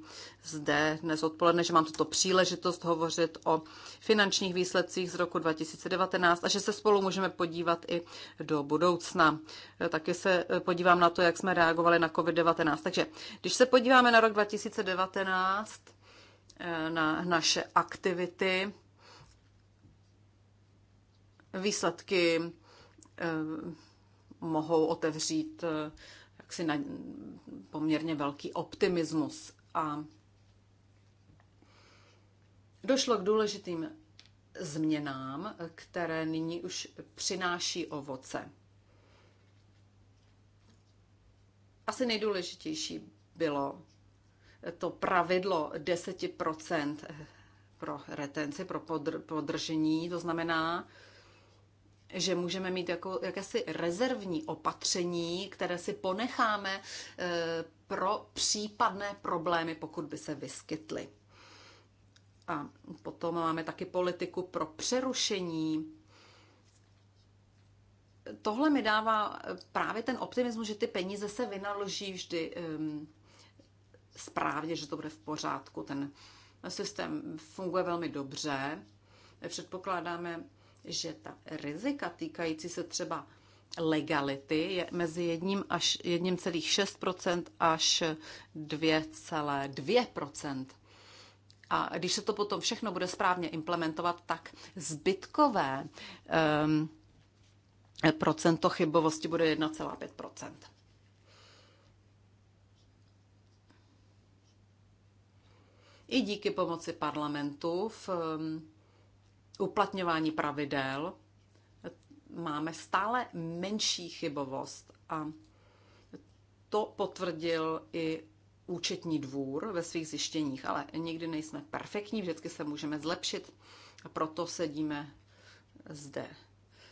zde dnes odpoledne, že mám tuto příležitost hovořit o finančních výsledcích z roku 2019 a že se spolu můžeme podívat i do budoucna. Taky se eh, podívám na to, jak jsme reagovali na COVID-19. Takže když se podíváme na rok 2019, eh, na naše aktivity, výsledky eh, mohou otevřít eh, jaksi na poměrně velký optimismus. A došlo k důležitým změnám, které nyní už přináší ovoce. Asi nejdůležitější bylo to pravidlo 10% pro retenci, pro podr- podržení, to znamená, že můžeme mít jako, jakési rezervní opatření, které si ponecháme eh, pro případné problémy, pokud by se vyskytly. A potom máme taky politiku pro přerušení. Tohle mi dává právě ten optimismus, že ty peníze se vynaloží vždy um, správně, že to bude v pořádku. Ten systém funguje velmi dobře. Předpokládáme že ta rizika týkající se třeba legality je mezi jedním až 1,6% až 2,2%. A když se to potom všechno bude správně implementovat, tak zbytkové um, procento chybovosti bude 1,5%. I díky pomoci parlamentu v ehm, uplatňování pravidel máme stále menší chybovost a to potvrdil i účetní dvůr ve svých zjištěních, ale nikdy nejsme perfektní, vždycky se můžeme zlepšit a proto sedíme zde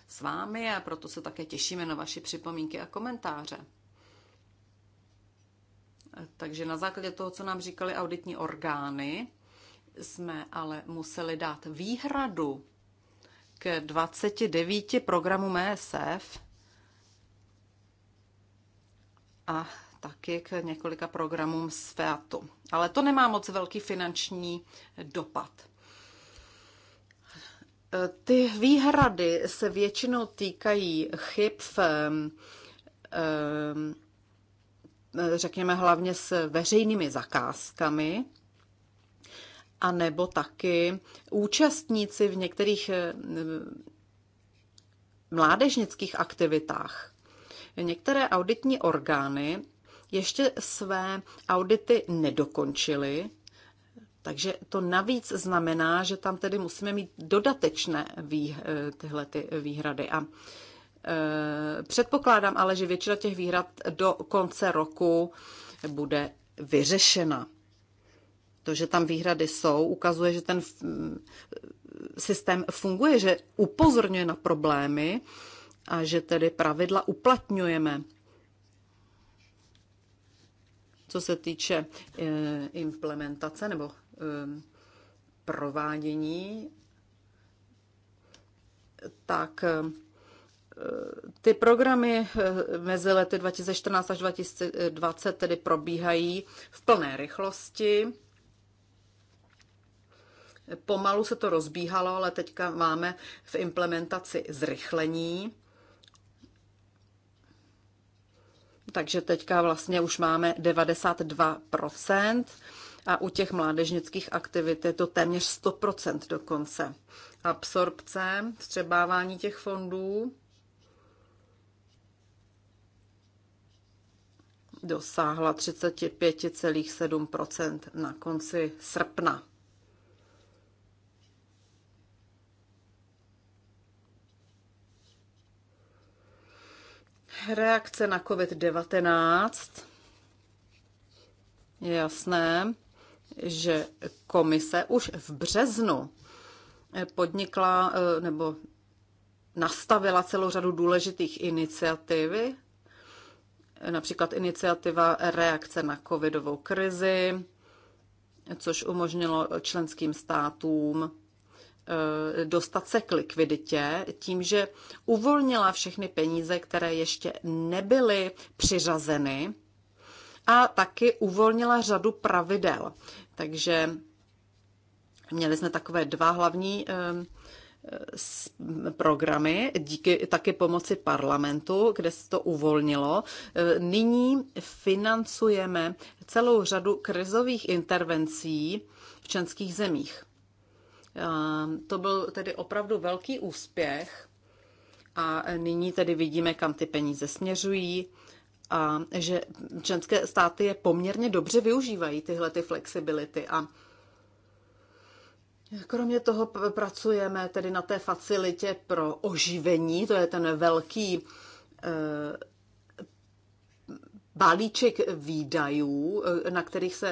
s vámi a proto se také těšíme na vaše připomínky a komentáře. Takže na základě toho, co nám říkali auditní orgány, jsme ale museli dát výhradu k 29 programu MSF a taky k několika programům z FEATu. Ale to nemá moc velký finanční dopad. Ty výhrady se většinou týkají chyb v, řekněme, hlavně s veřejnými zakázkami, a nebo taky účastníci v některých eh, mládežnických aktivitách. Některé auditní orgány ještě své audity nedokončily, takže to navíc znamená, že tam tedy musíme mít dodatečné vý, eh, tyhle ty výhrady. A e, předpokládám ale, že většina těch výhrad do konce roku bude vyřešena. To, že tam výhrady jsou, ukazuje, že ten mm, systém funguje, že upozorňuje na problémy a že tedy pravidla uplatňujeme. Co se týče e, implementace nebo e, provádění, tak e, ty programy mezi lety 2014 až 2020 tedy probíhají v plné rychlosti. Pomalu se to rozbíhalo, ale teďka máme v implementaci zrychlení. Takže teďka vlastně už máme 92% a u těch mládežnických aktivit je to téměř 100% dokonce. Absorpce, střebávání těch fondů dosáhla 35,7% na konci srpna. Reakce na COVID-19. Je jasné, že komise už v březnu podnikla eh, nebo nastavila celou řadu důležitých iniciativ, například iniciativa reakce na covidovou krizi, což umožnilo členským státům Eh, dostat se k likviditě tím, že uvolnila všechny peníze, které ještě nebyly přiřazeny a taky uvolnila řadu pravidel. Takže měli jsme takové dva hlavní eh, programy díky taky pomoci parlamentu, kde se to uvolnilo. Eh, nyní financujeme celou řadu krizových intervencí v členských zemích. Ehm, to byl tedy opravdu velký úspěch a nyní tedy vidíme, kam ty peníze směřují a že členské státy je poměrně dobře využívají tyhle ty flexibility a Kromě toho pracujeme tedy na té facilitě pro oživení, to je ten velký eh, balíček výdajů, eh, na kterých se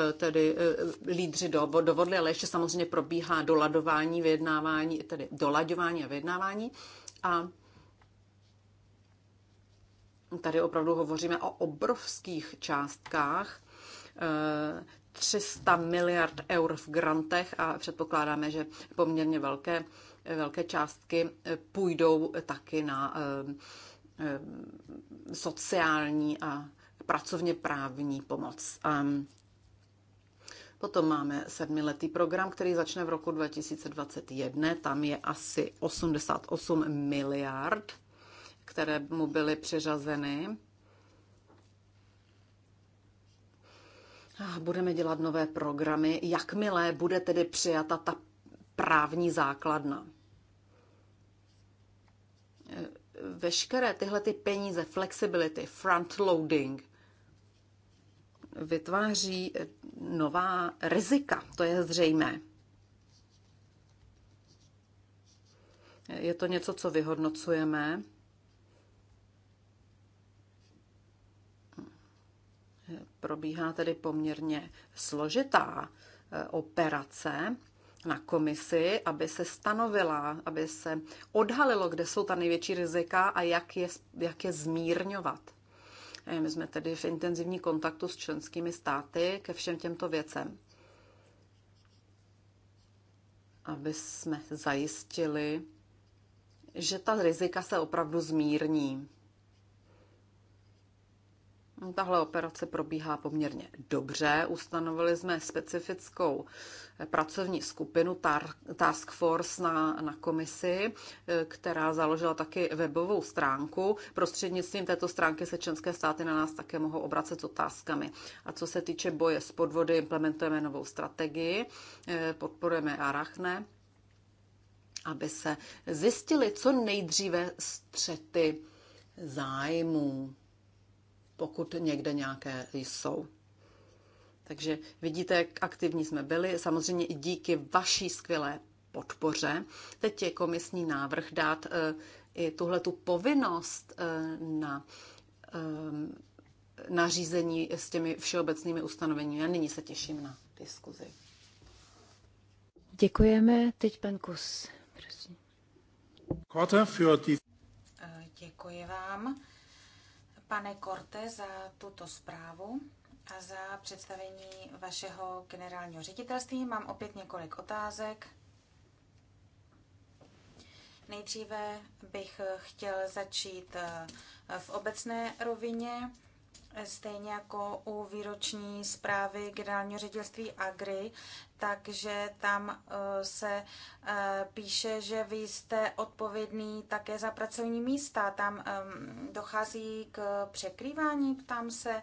eh, tedy eh, lídři dovodli, ale ještě samozřejmě probíhá doladování, vyjednávání, tedy dolaďování a vyjednávání. A tady opravdu hovoříme o obrovských částkách. 300 miliard eur v grantech a předpokládáme, že poměrně velké, velké částky půjdou taky na Eh, sociální a pracovně právní pomoc. A potom máme sedmiletý program, který začne v roku 2021. Tam je asi 88 miliard, které mu byly přiřazeny. Budeme dělat nové programy, jakmile bude tedy přijata ta právní základna. veškeré tyhle ty peníze, flexibility, frontloading, vytváří eh, nová rizika, to je zřejmé. Je to něco, co vyhodnocujeme. Probíhá tedy poměrně složitá eh, operace, na komisi, aby se stanovila, aby se odhalilo, kde jsou ta největší rizika a jak je, jak je zmírňovat. Eh, my jsme tedy v intenzivní kontaktu s členskými státy ke všem těmto věcem. Aby jsme zajistili, že ta rizika se opravdu zmírní. Tahle operace probíhá poměrně dobře. Ustanovili jsme specifickou eh, pracovní skupinu Task Force na, na komisi, eh, která založila taky webovou stránku. Prostřednictvím této stránky se členské státy na nás také mohou obracet s otázkami. A co se týče boje s podvody, implementujeme novou strategii, eh, podporujeme Arachne, aby se zjistili co nejdříve střety zájmů pokud někde nějaké jsou. Takže vidíte, jak aktivní jsme byli. Samozřejmě i díky vaší skvělé podpoře. Teď je komisní návrh dát eh, i tuhle tu povinnost eh, na eh, nařízení s těmi všeobecnými ustanoveními. Já nyní se těším na diskuzi. Děkujeme. Teď pan Kus. Prosím. Děkuji vám pane Korte, za tuto zprávu a za představení vašeho generálního ředitelství. Mám opět několik otázek. Nejdříve bych chtěl začít eh, v obecné rovině stejně jako u výroční zprávy generálního ředitelství Agri, takže tam eh, se eh, píše, že vy jste odpovědný také za pracovní místa. Tam ehm, dochází k překrývání, ptám se,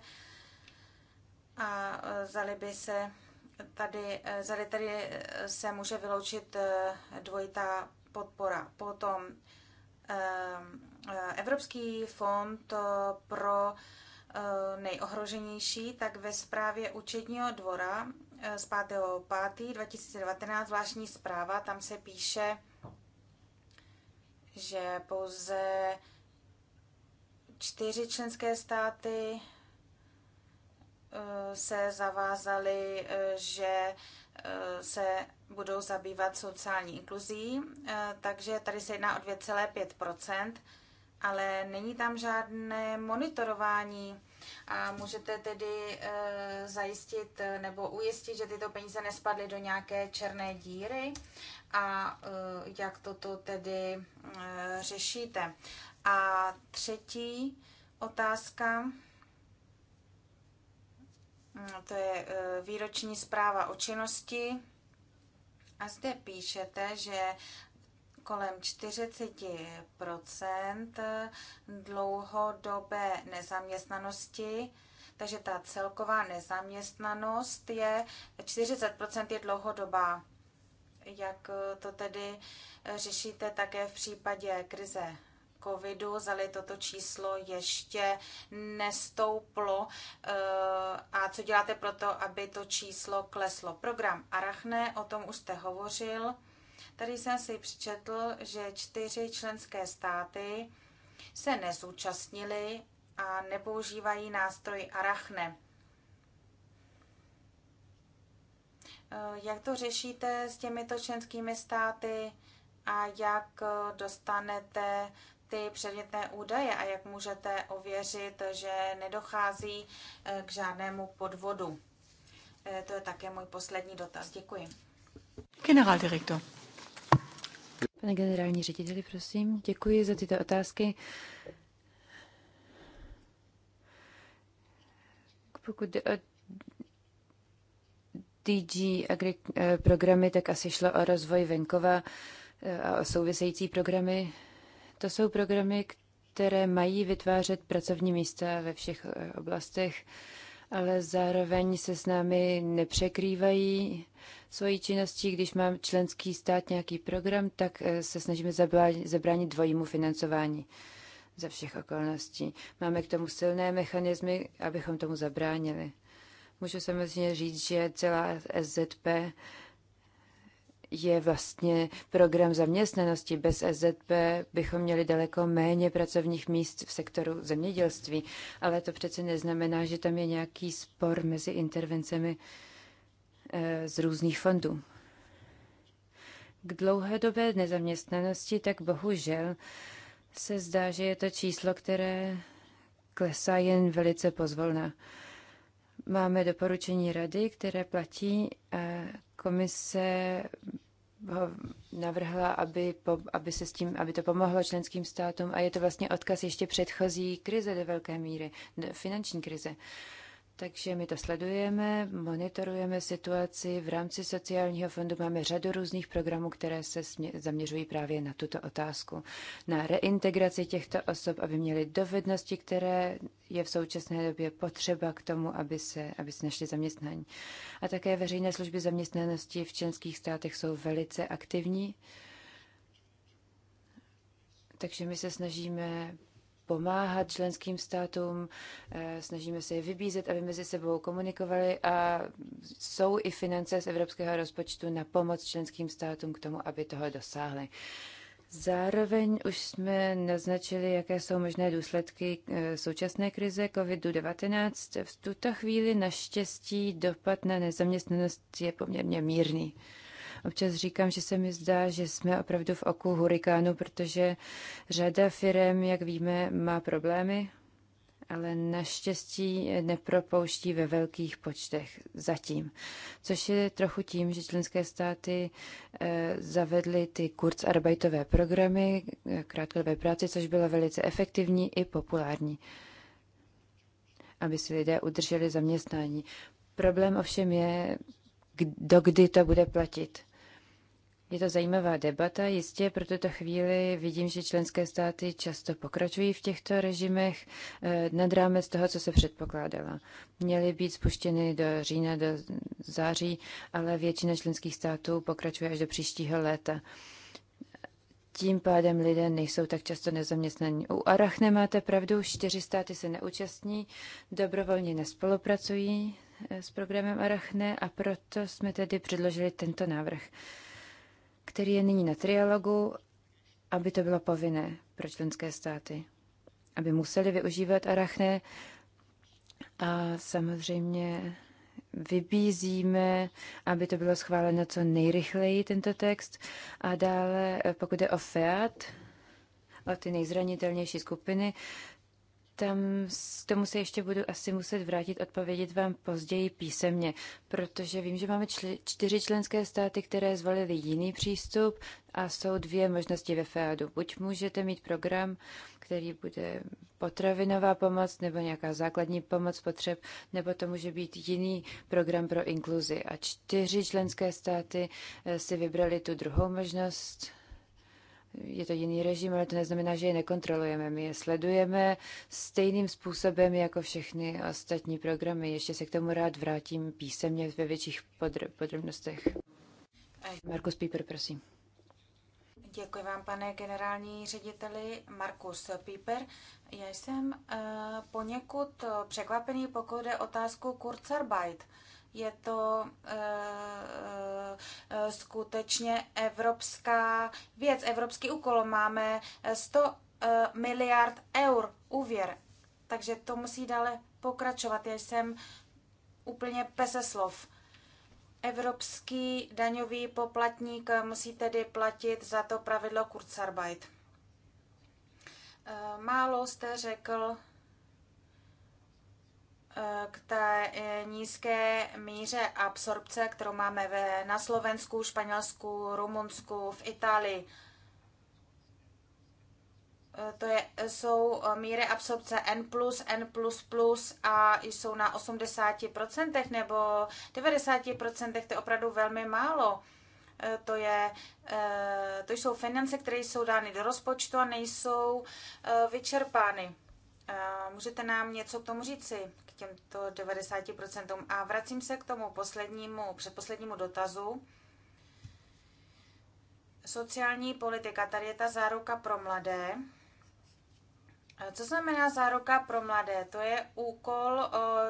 a eh, zali by se tady, zali tady se může vyloučit dvojitá podpora. Potom ehm, Evropský fond pro Eh, nejohroženější, tak ve zprávě účetního dvora eh, z 5.5.2019 zvláštní zpráva, tam se píše, že pouze čtyři členské státy eh, se zavázaly, že se budou zabývat sociální inkluzí, takže tady se jedná o 2,5 ale není tam žádné monitorování a můžete tedy e, zajistit eh, nebo ujistit, že tyto peníze nespadly do nějaké černé díry a e, jak toto tedy e, řešíte. A třetí otázka, no, to je výroční zpráva o činnosti. A zde píšete, že kolem 40 dlouhodobé nezaměstnanosti, takže ta celková nezaměstnanost je 40 je dlouhodobá. Jak to tedy řešíte také v případě krize covidu, zali toto číslo ještě nestouplo eh, a co děláte pro to, aby to číslo kleslo. Program Arachne, o tom už jste hovořil. Tady jsem si přičetl, že čtyři členské státy se nezúčastnily a nepoužívají nástroj Arachne. Eh, jak to řešíte s těmito členskými státy a jak eh, dostanete ty předmětné údaje a jak můžete ověřit, že nedochází eh, k žádnému podvodu? To je také můj poslední dotaz. Děkuji. Generaldirektor. Pane generální řediteli, prosím, děkuji za tyto otázky. Pokud jde o DG agri- eh, programy, tak asi šlo o rozvoj venkova eh, a o související programy. To jsou programy, které mají vytvářet pracovní místa ve všech eh, oblastech ale zároveň se s námi nepřekrývají svojí činností. Když má členský stát nějaký program, tak eh, se snažíme zabránit dvojímu financování za všech okolností. Máme k tomu silné mechanismy, abychom tomu zabránili. Můžu samozřejmě říct, že celá SZP je vlastně program zaměstnanosti. Bez SZP bychom měli daleko méně pracovních míst v sektoru zemědělství, ale to přece neznamená, že tam je nějaký spor mezi intervencemi eh, z různých fondů. K dlouhodobé nezaměstnanosti tak bohužel se zdá, že je to číslo, které klesá jen velice pozvolna. Máme doporučení rady, které platí a Komise ho navrhla, aby, po, aby, se s tím, aby to pomohlo členským státům a je to vlastně odkaz ještě předchozí krize do velké míry, finanční krize. Uh, takže my to sledujeme, monitorujeme situaci. V rámci sociálního fondu máme řadu různých programů, které se zaměřují právě na tuto otázku. Na reintegraci těchto osob, aby měli dovednosti, které je v současné době potřeba k tomu, aby se, aby se našli zaměstnání. A také veřejné služby zaměstnanosti v členských státech jsou velice aktivní. Takže my se snažíme pomáhat členským státům, eh, snažíme se je vybízet, aby mezi sebou komunikovali a jsou i finance z evropského rozpočtu na pomoc členským státům k tomu, aby toho dosáhli. Zároveň už jsme naznačili, jaké jsou možné důsledky eh, současné krize COVID-19. V tuto chvíli naštěstí dopad na nezaměstnanost je poměrně mírný. Občas říkám, že se mi zdá, že jsme opravdu v oku hurikánu, protože řada firm, jak víme, má problémy, ale naštěstí nepropouští ve velkých počtech zatím. Což je trochu tím, že členské státy eh, zavedly ty kurzarbeitové programy krátkodobé práce, což bylo velice efektivní i populární, aby si lidé udrželi zaměstnání. Problém ovšem je, dokdy to bude platit. Je to zajímavá debata, jistě pro tuto chvíli vidím, že členské státy často pokračují v těchto režimech eh, nad rámec toho, co se předpokládala. Měly být spuštěny do října, do září, ale většina členských států pokračuje až do příštího léta. Tím pádem lidé nejsou tak často nezaměstnaní. U Arachne máte pravdu, čtyři státy se neúčastní, dobrovolně nespolupracují eh, s programem Arachne a proto jsme tedy předložili tento návrh který je nyní na trialogu, aby to bylo povinné pro členské státy, aby museli využívat arachné a samozřejmě vybízíme, aby to bylo schváleno co nejrychleji, tento text. A dále, eh, pokud je o FEAT, o ty nejzranitelnější skupiny, tam s tomu se ještě budu asi muset vrátit, odpovědět vám později písemně, protože vím, že máme čl- čtyři členské státy, které zvolily jiný přístup a jsou dvě možnosti ve FEADu. Buď můžete mít program, který bude potravinová pomoc nebo nějaká základní pomoc potřeb, nebo to může být jiný program pro inkluzi. A čtyři členské státy eh, si vybrali tu druhou možnost, je to jiný režim, ale to neznamená, že je nekontrolujeme. My je sledujeme stejným způsobem jako všechny ostatní programy. Ještě se k tomu rád vrátím písemně ve větších podr- podrobnostech. Markus Pieper, prosím. Děkuji vám, pane generální řediteli Markus Pieper. Já jsem eh, poněkud překvapený, pokud je otázku Kurzarbeit je to eh, eh, skutečně evropská věc, evropský úkol. Máme 100 eh, miliard eur úvěr, takže to musí dále pokračovat. Já jsem úplně peseslov. Evropský daňový poplatník musí tedy platit za to pravidlo Kurzarbeit. Málo jste řekl k té e, nízké míře absorpce, kterou máme ve, na Slovensku, Španělsku, Rumunsku, v Itálii. E, to je, jsou e, míry absorpce N+, N++ a jsou na 80% nebo 90%, to je opravdu velmi málo. To, je, to jsou finance, které jsou dány do rozpočtu a nejsou vyčerpány. Můžete nám něco k tomu říci, k těmto 90%. A vracím se k tomu poslednímu, předposlednímu dotazu. Sociální politika, tady je ta záruka pro mladé. Co znamená záruka pro mladé? To je úkol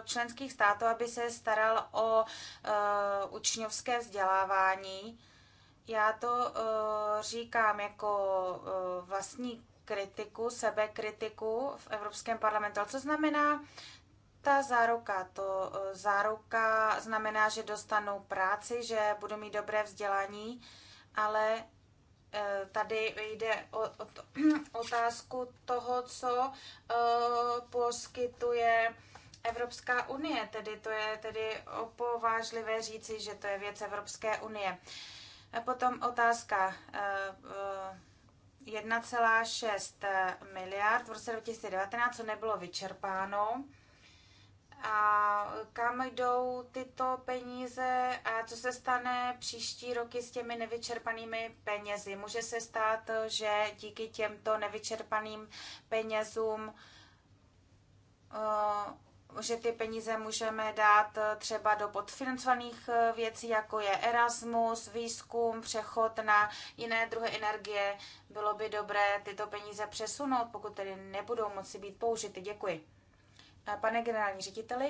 členských států, aby se staral o učňovské vzdělávání. Já to říkám jako vlastní kritiku, sebekritiku v Evropském parlamentu. co znamená ta záruka, to eh, záruka znamená, že dostanou práci, že budou mít dobré vzdělání, ale eh, tady jde o, o to, otázku toho, co eh, poskytuje Evropská unie, tedy to je tedy opovážlivé říci, že to je věc Evropské unie. A potom otázka 1,6 miliard v roce 2019, co nebylo vyčerpáno a kam jdou tyto peníze a co se stane příští roky s těmi nevyčerpanými penězi. Může se stát, že díky těmto nevyčerpaným penězům, eh, že ty peníze můžeme dát eh, třeba do podfinancovaných eh, věcí, jako je Erasmus, výzkum, přechod na jiné druhy energie. Bylo by dobré tyto peníze přesunout, pokud tedy nebudou moci být použity. Děkuji. Pane generální řediteli.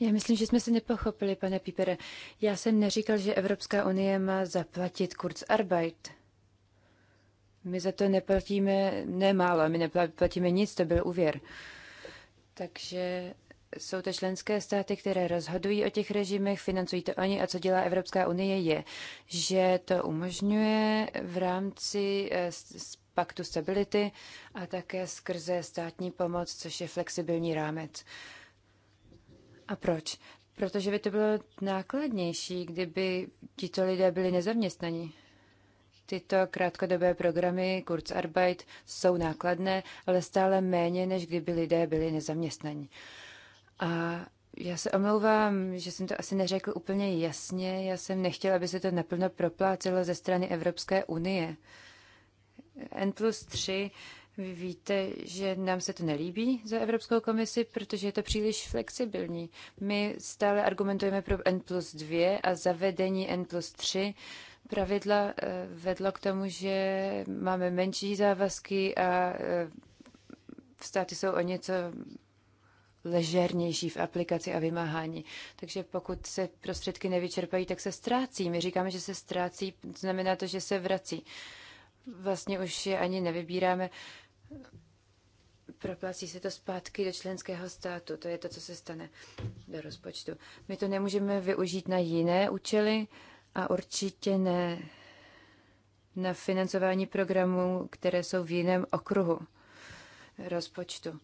Já myslím, že jsme se nepochopili, pane Pípere. Já jsem neříkal, že Evropská unie má zaplatit Kurzarbeit. My za to neplatíme nemálo, my neplatíme nic, to byl úvěr. Takže jsou to členské státy, které rozhodují o těch režimech, financují to oni a co dělá Evropská unie je, že to umožňuje v rámci eh, paktu stability a také skrze státní pomoc, což je flexibilní rámec. A proč? Protože by to bylo nákladnější, kdyby tito lidé byli nezaměstnaní. Tyto krátkodobé programy Kurzarbeit jsou nákladné, ale stále méně, než kdyby lidé byli nezaměstnaní. A já se omlouvám, že jsem to asi neřekl úplně jasně. Já jsem nechtěla, aby se to naplno proplácelo ze strany Evropské unie. N plus 3 vy víte, že nám se to nelíbí za Evropskou komisi, protože je to příliš flexibilní. My stále argumentujeme pro N plus 2 a zavedení N plus 3 pravidla eh, vedlo k tomu, že máme menší závazky a eh, státy jsou o něco ležernější v aplikaci a vymáhání. Takže pokud se prostředky nevyčerpají, tak se ztrácí. My říkáme, že se ztrácí, znamená to, že se vrací vlastně už je ani nevybíráme, proplácí se to zpátky do členského státu. To je to, co se stane do rozpočtu. My to nemůžeme využít na jiné účely a určitě ne na financování programů, které jsou v jiném okruhu rozpočtu.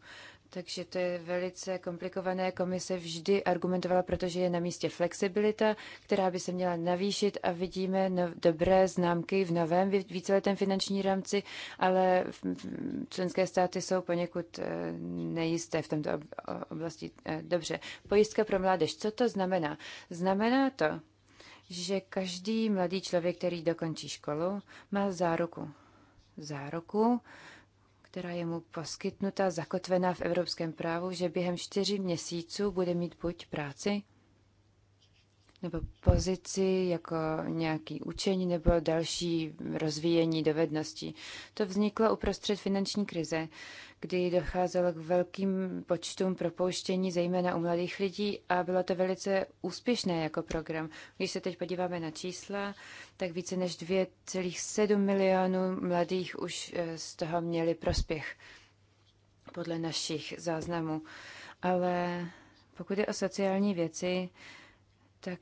Takže to je velice komplikované. Komise vždy argumentovala, protože je na místě flexibilita, která by se měla navýšit a vidíme no, dobré známky v novém víceletém finanční rámci, ale členské státy jsou poněkud eh, nejisté v tomto oblasti. Eh, dobře, pojistka pro mládež. Co to znamená? Znamená to, že každý mladý člověk, který dokončí školu, má záruku. Záruku, která je mu poskytnuta, zakotvená v evropském právu, že během čtyři měsíců bude mít buď práci nebo pozici jako nějaký učení nebo další rozvíjení dovedností. To vzniklo uprostřed finanční krize, kdy docházelo k velkým počtům propouštění, zejména u mladých lidí a bylo to velice úspěšné jako program. Když se teď podíváme na čísla, tak více než 2,7 milionů mladých už eh, z toho měli prospěch podle našich záznamů. Ale pokud je o sociální věci, tak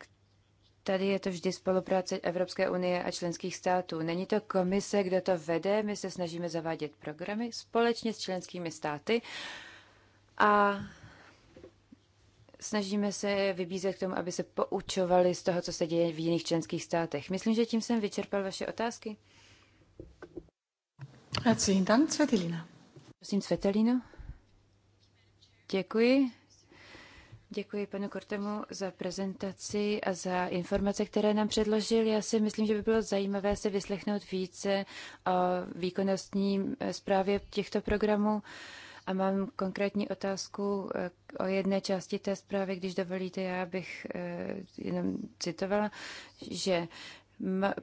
Tady je to vždy spolupráce Evropské unie a členských států. Není to komise, kdo to vede, my se snažíme zavádět programy společně s členskými státy a snažíme se vybízet k tomu, aby se poučovali z toho, co se děje v jiných členských státech. Myslím, že tím jsem vyčerpal vaše otázky. Herzlichen Dank, Svetelina. Prosím, Svetelino. Děkuji. Děkuji panu Kortemu za prezentaci a za informace, které nám předložil. Já si myslím, že by bylo zajímavé se vyslechnout více o výkonnostní zprávě eh, těchto programů. A mám konkrétní otázku eh, o jedné části té zprávy, když dovolíte, já bych eh, jenom citovala, že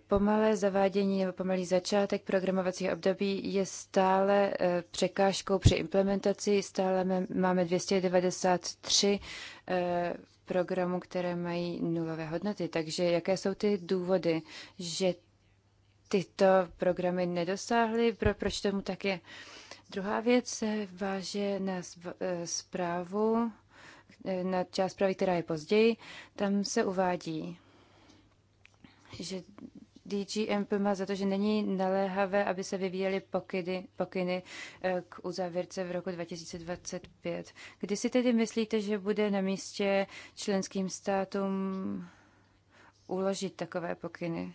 Pomalé zavádění nebo pomalý začátek programovacího období je stále eh, překážkou při implementaci. Stále máme 293 eh, programů, které mají nulové hodnoty. Takže jaké jsou ty důvody, že tyto programy nedosáhly? Pro, proč tomu tak je? Druhá věc se eh, váže na zprávu, na část zprávy, která je později. Tam se uvádí, že DGMP má za to, že není naléhavé, aby se vyvíjely pokyny, pokyny eh, k uzávěrce v roku 2025. Kdy si tedy myslíte, že bude na místě členským státům uložit takové pokyny?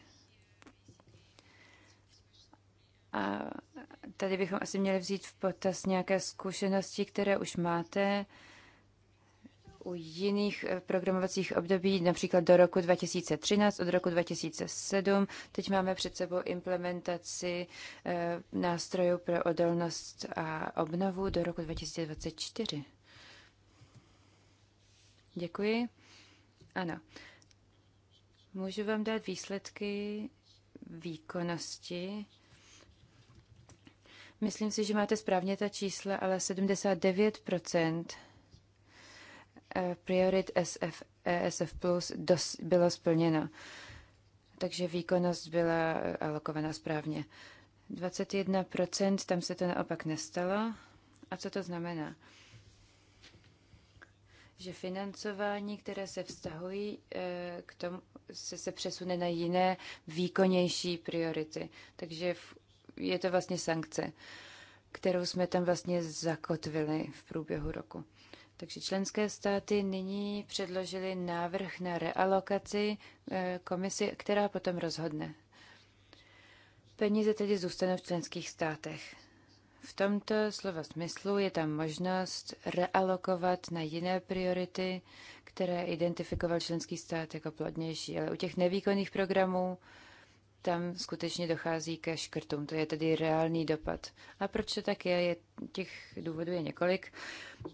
A tady bychom asi měli vzít v potaz nějaké zkušenosti, které už máte u jiných eh, programovacích období, například do roku 2013, od roku 2007. Teď máme před sebou implementaci eh, nástrojů pro odolnost a obnovu do roku 2024. Děkuji. Ano. Můžu vám dát výsledky výkonnosti. Myslím si, že máte správně ta čísla, ale 79 priorit SF, e SF Plus dos, bylo splněno. Takže výkonnost byla alokovaná správně. 21%, tam se to naopak nestalo. A co to znamená? Že financování, které se vztahují e, k tomu, se, se přesune na jiné výkonnější priority. Takže je to vlastně sankce, kterou jsme tam vlastně zakotvili v průběhu roku. Takže členské státy nyní předložili návrh na realokaci eh, komisi, která potom rozhodne. Peníze tedy zůstanou v členských státech. V tomto slova smyslu je tam možnost realokovat na jiné priority, které identifikoval členský stát jako plodnější. Ale u těch nevýkonných programů tam skutečně dochází ke škrtům. To je tedy reálný dopad. A proč to tak je? je těch důvodů je několik.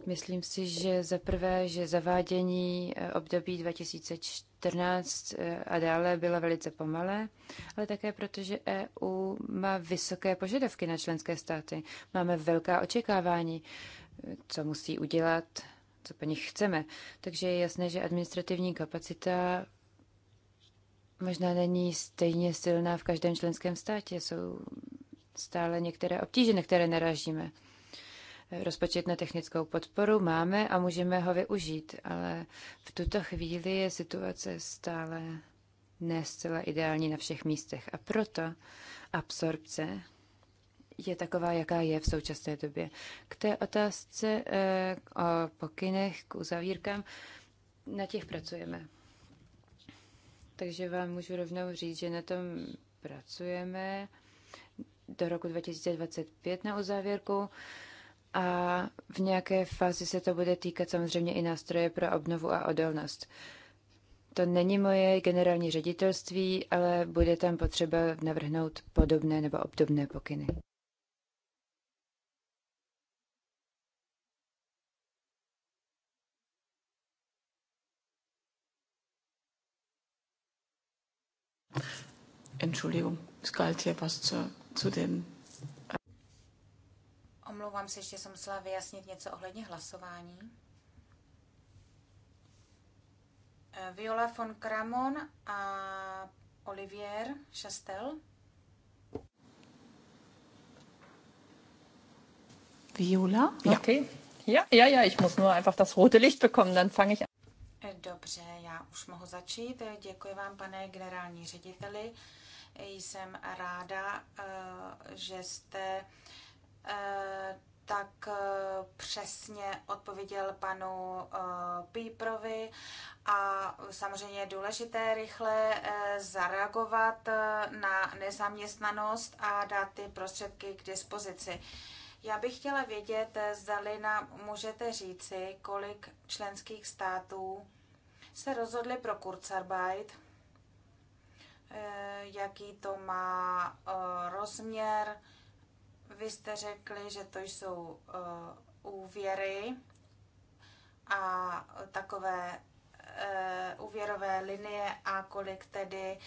Myslím si, že za prvé, že zavádění eh, období 2014 eh, a dále bylo velice pomalé, ale také proto, že EU má vysoké požadavky na členské státy. Máme velká očekávání, eh, co musí udělat, co po nich chceme. Takže je jasné, že administrativní kapacita možná není stejně silná v každém členském státě. Jsou stále některé obtíže, na které narážíme. Rozpočet na technickou podporu máme a můžeme ho využít, ale v tuto chvíli je situace stále ne zcela ideální na všech místech. A proto absorpce je taková, jaká je v současné době. K té otázce eh, o pokynech, k uzavírkám, na těch pracujeme takže vám můžu rovnou říct, že na tom pracujeme do roku 2025 na uzávěrku a v nějaké fázi se to bude týkat samozřejmě i nástroje pro obnovu a odolnost. To není moje generální ředitelství, ale bude tam potřeba navrhnout podobné nebo obdobné pokyny. Entschuldigung, es galt hier was zu, zu dem. Äh, Omlouvám se, ještě jsem musela vyjasnit něco ohledně hlasování. Äh, Viola von Kramon a Olivier Chastel. Viola? Ja. Okay. Ja, ja, ja, ich muss nur einfach das rote Licht bekommen, dann fange ich an. Dobře, já už mohu začít. Děkuji vám, pane generální řediteli. Jsem ráda, eh, že jste eh, tak eh, přesně odpověděl panu Píprovi a samozřejmě je důležité rychle zareagovat na nezaměstnanost a dát ty prostředky k dispozici. Já bych chtěla vědět, zdali nám můžete říci, kolik členských států se rozhodli pro Kurzarbeit Eh, jaký to má eh, rozměr. Vy jste řekli, že to jsou eh, úvěry a takové úvěrové linie a kolik tedy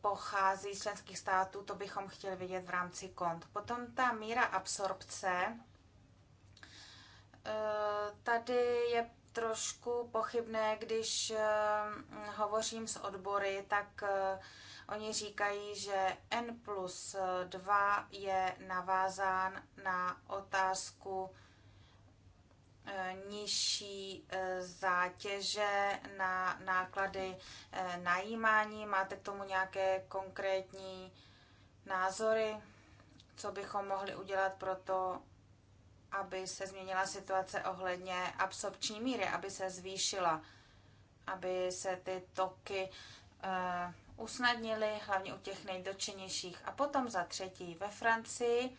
pochází z členských států, to bychom chtěli vidět v rámci kont. Potom ta míra absorpce, tady je trošku pochybné, když eh, hovořím s odbory, tak eh, oni říkají, že N plus 2 je navázán na otázku eh, nižší zátěže na náklady najímání. Máte k tomu nějaké konkrétní názory, co bychom mohli udělat pro to, aby se změnila situace ohledně absorpční míry, aby se zvýšila, aby se ty toky uh, usnadnily, hlavně u těch nejdočinnějších. A potom za třetí, ve Francii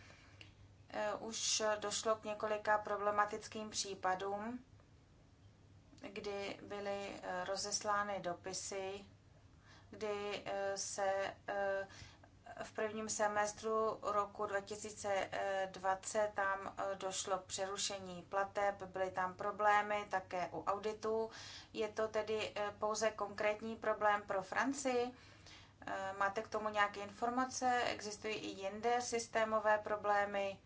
e, už došlo k několika problematickým případům, kdy byly eh, rozeslány dopisy, kdy se v prvním semestru roku 2020 tam e, došlo k přerušení plateb, byly tam problémy také u auditu. Je to tedy e, pouze konkrétní problém pro Francii? E, máte k tomu nějaké informace? Existují i jinde systémové problémy,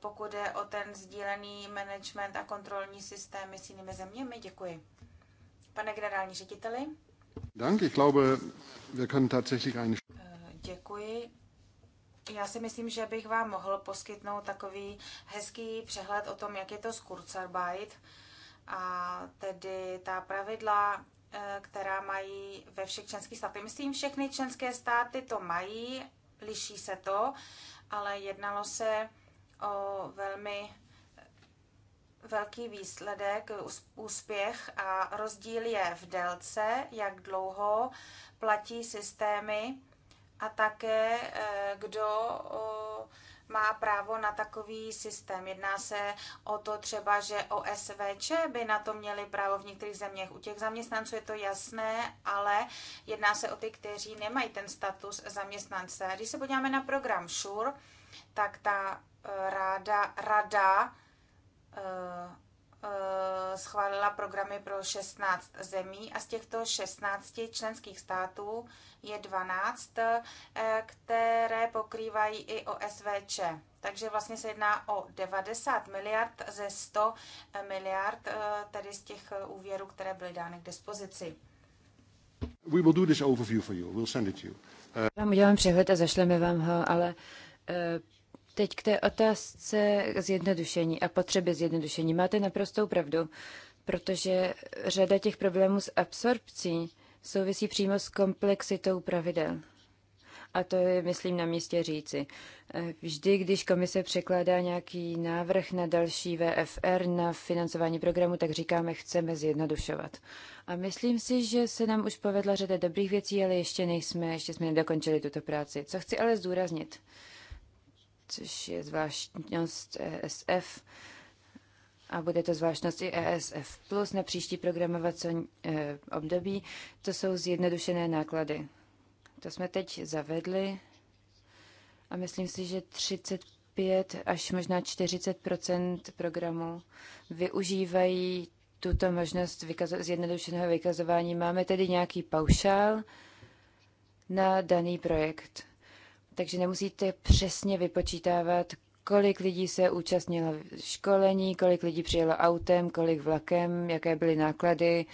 pokud je o ten sdílený management a kontrolní systémy s jinými zeměmi? Děkuji. Pane generální řediteli. Dank. Ich glaube, wir können tatsächlich eine já si myslím, že bych vám mohl poskytnout takový hezký přehled o tom, jak je to s Kurzarbeit a tedy ta pravidla, eh, která mají ve všech členských státech. Myslím, všechny členské státy to mají, liší se to, ale jednalo se o velmi velký výsledek, úspěch a rozdíl je v délce, jak dlouho platí systémy a také eh, kdo má právo na takový systém. Jedná se o to třeba, že OSVČ by na to měli právo v některých zeměch. U těch zaměstnanců je to jasné, ale jedná se o ty, kteří nemají ten status zaměstnance. Když se podíváme na program SURE, tak ta eh, ráda, rada eh, Eh, schválila programy pro 16 zemí a z těchto 16 členských států je 12, eh, které pokrývají i OSVČ. Takže vlastně se jedná o 90 miliard ze 100 miliard, eh, tedy z těch úvěrů, které byly dány k dispozici. We will do this overview for you. We'll send it to you. Uh... Vám udělám přehled a zašleme vám ho, ale Teď k té otázce zjednodušení a potřeby zjednodušení. Máte naprostou pravdu, protože řada těch problémů s absorpcí souvisí přímo s komplexitou pravidel. A to je, myslím, na místě říci. Vždy, když komise překládá nějaký návrh na další VFR, na financování programu, tak říkáme, chceme zjednodušovat. A myslím si, že se nám už povedla řada dobrých věcí, ale ještě nejsme, ještě jsme nedokončili tuto práci. Co chci ale zdůraznit? což je zvláštnost ESF a bude to zvláštnost i ESF plus na příští programovací eh, období. To jsou zjednodušené náklady. To jsme teď zavedli a myslím si, že 35 až možná 40 programů využívají tuto možnost vykazo- zjednodušeného vykazování. Máme tedy nějaký paušál na daný projekt takže nemusíte přesně vypočítávat, kolik lidí se účastnilo školení, kolik lidí přijelo autem, kolik vlakem, jaké byly náklady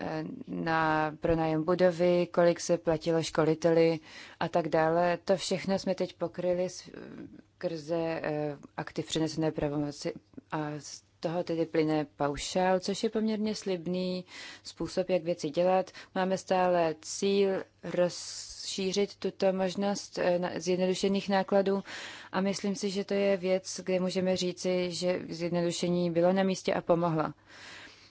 eh, na pronájem budovy, kolik se platilo školiteli a tak dále. To všechno jsme teď pokryli skrze eh, aktiv přenesené pravomoci a z toho tedy plyne paušál, což je poměrně slibný způsob, jak věci dělat. Máme stále cíl roz rozšířit tuto možnost eh, zjednodušených nákladů a myslím si, že to je věc, kde můžeme říci, že zjednodušení bylo na místě a pomohlo.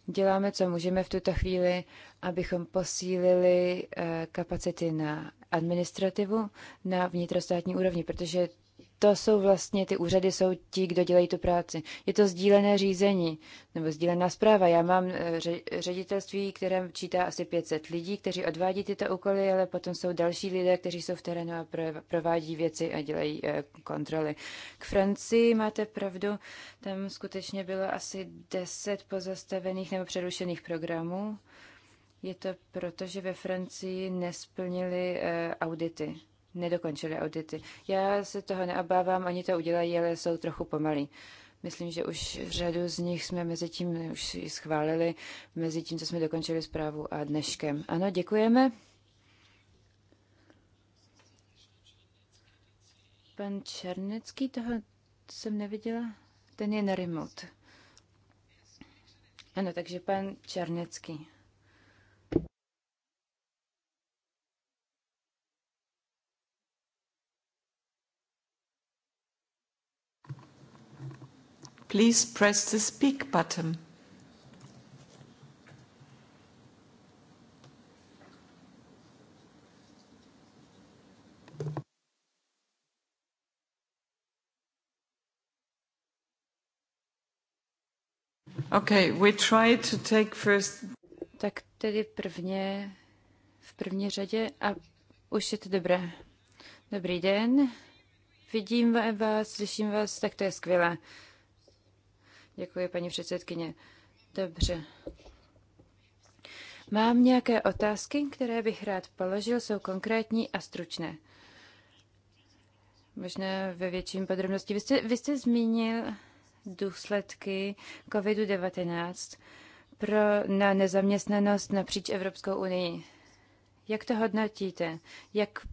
Děláme, co můžeme v tuto chvíli, abychom posílili eh, kapacity na administrativu na vnitrostátní úrovni, protože to jsou vlastně, ty úřady jsou ti, kdo dělají tu práci. Je to sdílené řízení, nebo sdílená zpráva. Já mám eh, ředitelství, které čítá asi 500 lidí, kteří odvádí tyto úkoly, ale potom jsou další lidé, kteří jsou v terénu a provádí věci a dělají eh, kontroly. K Francii máte pravdu, tam skutečně bylo asi 10 pozastavených nebo přerušených programů. Je to proto, že ve Francii nesplnili eh, audity nedokončili audity. Já se toho neobávám, oni to udělají, ale jsou trochu pomalí. Myslím, že už řadu z nich jsme mezi tím už schválili, mezi tím, co jsme dokončili zprávu a dneškem. Ano, děkujeme. Pan Černecký, toho jsem neviděla. Ten je na remote. Ano, takže pan Černecký. please press the speak button. Okay, we try to take first... Tak tedy prvně, v první řadě a už je to dobré. Dobrý den, vidím vás, slyším vás, tak to je skvělé. Děkuji, paní předsedkyně. Dobře. Mám nějaké otázky, které bych rád položil, jsou konkrétní a stručné. Možná ve větším podrobnosti. Vy jste, vy jste zmínil důsledky COVID-19 pro, na nezaměstnanost napříč Evropskou unii. Jak to hodnotíte? Jak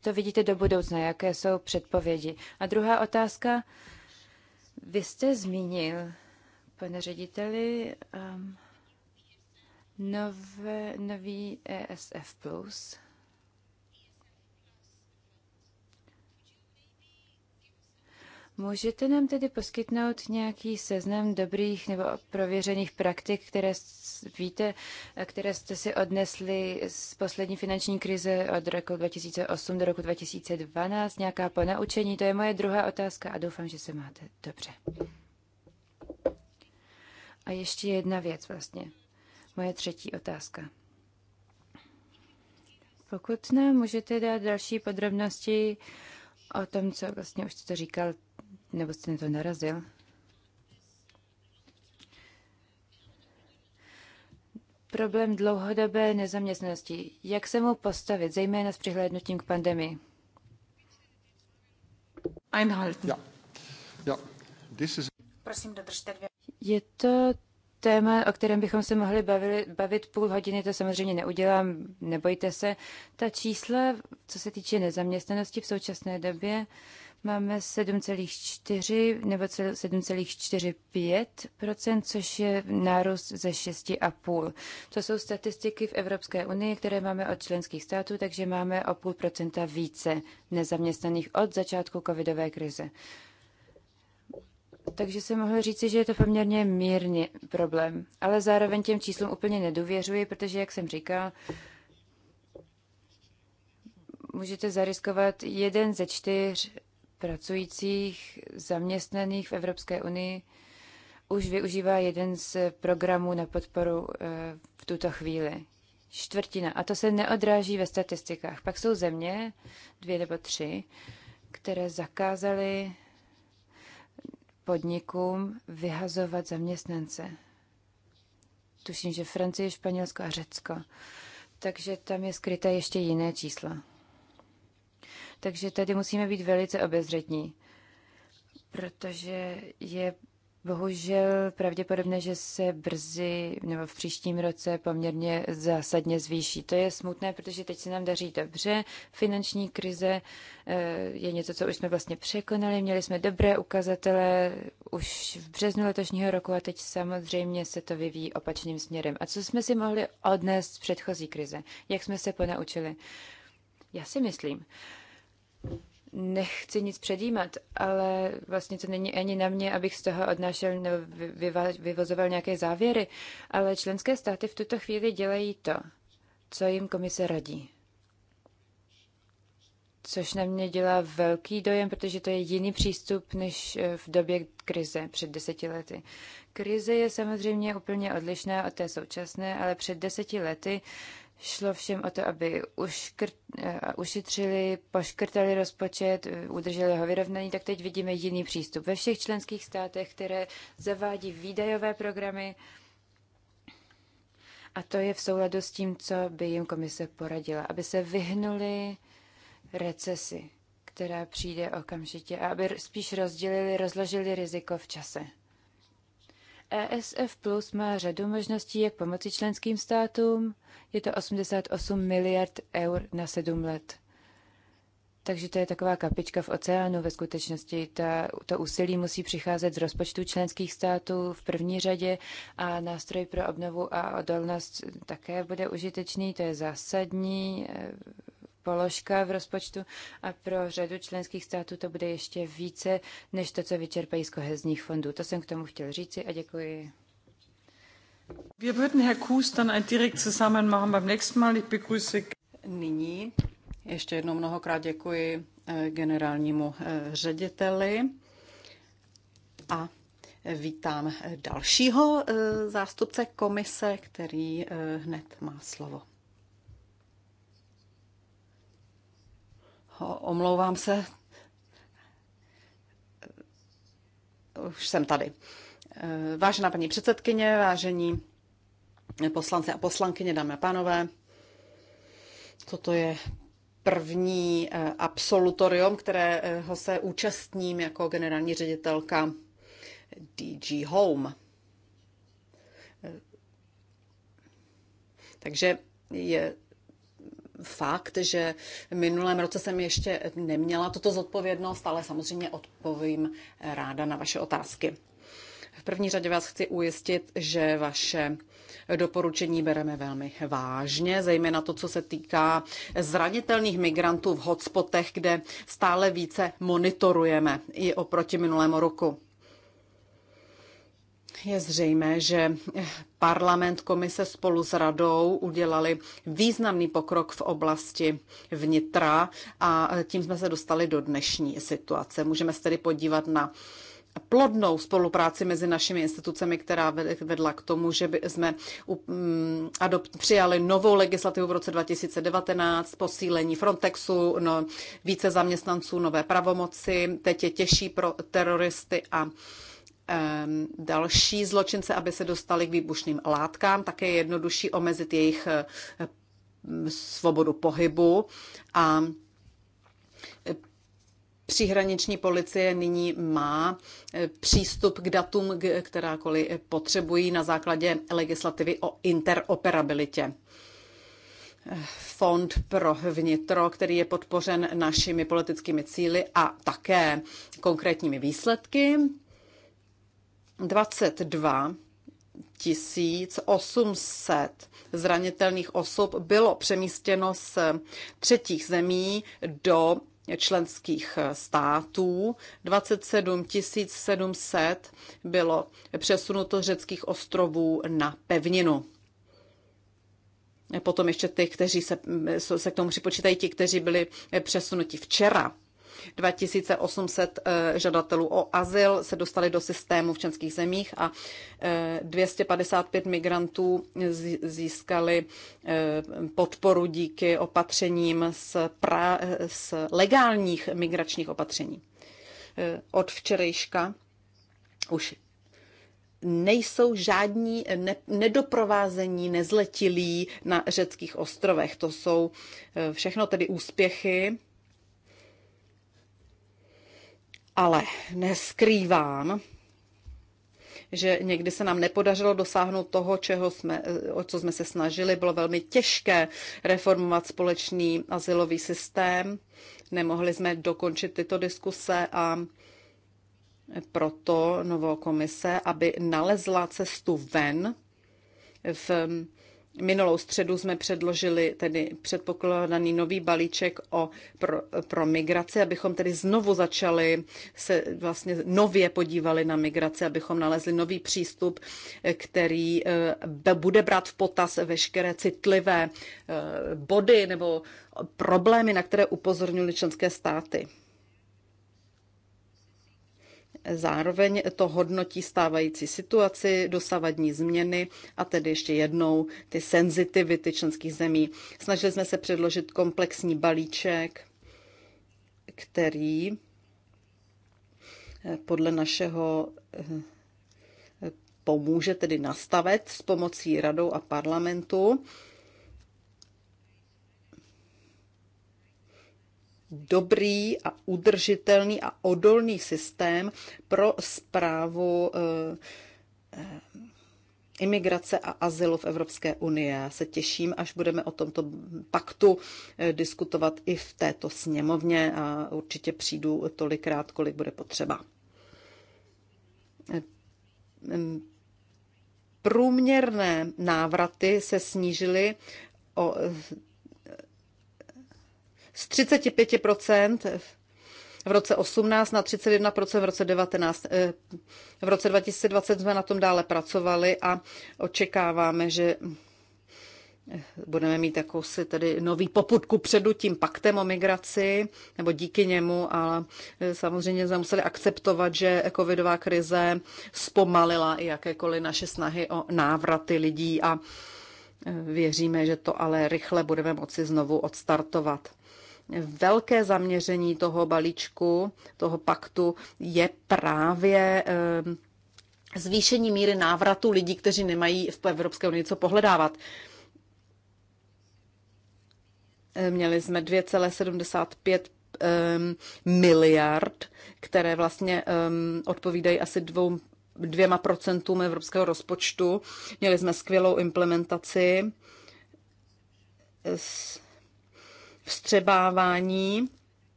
to vidíte do budoucna? Jaké jsou předpovědi? A druhá otázka. Vy jste zmínil Pane řediteli, um, nové, nový ESF+, Plus. Můžete nám tedy poskytnout nějaký seznam dobrých nebo prověřených praktik, které víte, které jste si odnesli z poslední finanční krize od roku 2008 do roku 2012, nějaká ponaučení? To je moje druhá otázka a doufám, že se máte dobře. A ještě jedna věc vlastně. Moje třetí otázka. Pokud nám můžete dát další podrobnosti o tom, co vlastně už jste to říkal, nebo jste na to narazil. Problém dlouhodobé nezaměstnanosti. Jak se mu postavit, zejména s přihlédnutím k pandemii? Einhalten. Ja. Ja. This is... Prosím, dodržte dvě. Je to téma, o kterém bychom se mohli bavili, bavit půl hodiny, to samozřejmě neudělám, nebojte se. Ta čísla, co se týče nezaměstnanosti v současné době, máme 7,4 nebo 7,45%, což je nárůst ze 6,5%. To jsou statistiky v Evropské unii, které máme od členských států, takže máme o půl procenta více nezaměstnaných od začátku covidové krize. Takže se mohl říci, že je to poměrně mírně problém. Ale zároveň těm číslům úplně nedůvěřuji, protože, jak jsem říkal, můžete zariskovat jeden ze čtyř pracujících zaměstnaných v Evropské unii už využívá jeden z programů na podporu eh, v tuto chvíli. Čtvrtina. A to se neodráží ve statistikách. Pak jsou země, dvě nebo tři, které zakázaly podnikům vyhazovat zaměstnance. Tuším, že Francie, Španělsko a Řecko. Takže tam je skryté ještě jiné číslo. Takže tady musíme být velice obezřetní, protože je Bohužel pravděpodobně, že se brzy nebo v příštím roce poměrně zásadně zvýší. To je smutné, protože teď se nám daří dobře. Finanční krize eh, je něco, co už jsme vlastně překonali. Měli jsme dobré ukazatele už v březnu letošního roku a teď samozřejmě se to vyvíjí opačným směrem. A co jsme si mohli odnést z předchozí krize? Jak jsme se ponaučili? Já si myslím, nechci nic předjímat, ale vlastně to není ani na mě, abych z toho odnášel nebo vyvozoval nějaké závěry, ale členské státy v tuto chvíli dělají to, co jim komise radí. Což na mě dělá velký dojem, protože to je jiný přístup než eh, v době krize před deseti lety. Krize je samozřejmě úplně odlišná od té současné, ale před deseti lety uh, Šlo všem o to, aby uškrt, eh, ušetřili, poškrtali rozpočet, eh, udrželi ho vyrovnaný, tak teď vidíme jiný přístup. Ve všech členských státech, které zavádí výdajové programy, a to je v souladu s tím, co by jim komise poradila, aby se vyhnuli recesi, která přijde okamžitě, a aby spíš rozdělili, rozložili riziko v čase. ESF Plus má řadu možností, jak pomoci členským státům. Je to 88 miliard eur na 7 let. Takže to je taková kapička v oceánu. Ve skutečnosti ta, to úsilí musí přicházet z rozpočtu členských států v první řadě a nástroj pro obnovu a odolnost také bude užitečný. To je zásadní eh, položka v rozpočtu a pro řadu členských států to bude ještě více, než to, co vyčerpají z kohezních fondů. To jsem k tomu chtěl říci a děkuji. Wir würden Herr Kuhs dann ein direkt zusammen machen beim nächsten Mal. Ich begrüße... Nyní ještě jednou mnohokrát děkuji eh, generálnímu eh, řediteli a eh, vítám dalšího zástupce komise, který hned má slovo. Omlouvám se. Už jsem tady. Eh, vážená paní předsedkyně, vážení poslanci a poslankyně, dámy a pánové, toto je první eh, absolutorium, kterého eh, se účastním jako generální ředitelka DG Home. Takže je fakt, že v minulém roce jsem ještě neměla tuto zodpovědnost, ale samozřejmě odpovím ráda na vaše otázky. V první řadě vás chci ujistit, že vaše doporučení bereme velmi vážně, zejména to, co se týká zranitelných migrantů v hotspotech, kde stále více monitorujeme i oproti minulému roku. Je zřejmé, že parlament, komise spolu s radou udělali významný pokrok v oblasti vnitra a tím jsme se dostali do dnešní situace. Můžeme se tedy podívat na plodnou spolupráci mezi našimi institucemi, která vedla k tomu, že by jsme mm, přijali novou legislativu v roce 2019, posílení Frontexu, no, více zaměstnanců, nové pravomoci, teď je těžší pro teroristy a další zločince, aby se dostali k výbušným látkám. Také je jednodušší omezit jejich eh, svobodu pohybu a eh, Příhraniční policie nyní má eh, přístup k datům, kterákoliv potřebují na základě legislativy o interoperabilitě. Fond pro vnitro, který je podpořen našimi politickými cíly a také konkrétními výsledky, 22 800 zranitelných osob bylo přemístěno z třetích zemí do členských států, 27 700 bylo přesunuto řeckých ostrovů na pevninu. Potom ještě ty, kteří se, se k tomu připočítají, ti, kteří byli přesunuti včera. 2800 eh, žadatelů o azyl se dostali do systému v českých zemích a 255 eh, migrantů získali eh, podporu díky opatřením z, pra, z legálních migračních opatření. Od včerejška už nejsou žádní ne, nedoprovázení nezletilí na řeckých ostrovech. To jsou všechno tedy úspěchy ale neskrývám, že někdy se nám nepodařilo dosáhnout toho, čeho jsme, o co jsme se snažili. Bylo velmi těžké reformovat společný asilový systém. Nemohli jsme dokončit tyto diskuse a proto novou komise, aby nalezla cestu ven v Minulou středu jsme předložili tedy předpokládaný nový balíček o, pro, pro migraci, abychom tedy znovu začali se vlastně nově podívali na migraci, abychom nalezli nový přístup, který eh, bude brát v potaz veškeré citlivé eh, body nebo problémy, na které upozornili členské státy. Zároveň to hodnotí stávající situaci, dosavadní změny a tedy ještě jednou ty senzitivity členských zemí. Snažili jsme se předložit komplexní balíček, který eh, podle našeho eh, pomůže tedy nastavit s pomocí radou a parlamentu dobrý a udržitelný a odolný systém pro zprávu eh, eh, imigrace a azylu v Evropské unii. Já se těším, až budeme o tomto paktu eh, diskutovat i v této sněmovně a určitě přijdu tolikrát, kolik bude potřeba. Mm, průměrné návraty se snížily o z 35% v roce 18 na 31% v roce 19. Eh, v roce 2020 jsme na tom dále pracovali a očekáváme, že eh, budeme mít jakousi tedy nový poputku předu tím paktem o migraci, nebo díky němu, ale eh, samozřejmě jsme museli akceptovat, že covidová krize zpomalila i jakékoliv naše snahy o návraty lidí a věříme, že to ale rychle budeme moci znovu odstartovat velké zaměření toho balíčku, toho paktu, je právě eh, zvýšení míry návratu lidí, kteří nemají v Evropské unii co pohledávat. Eh, měli jsme 2,75 ehm, miliard, které vlastně ehm, odpovídají asi dvou, dvěma procentům evropského rozpočtu. Měli jsme skvělou implementaci s vstřebávání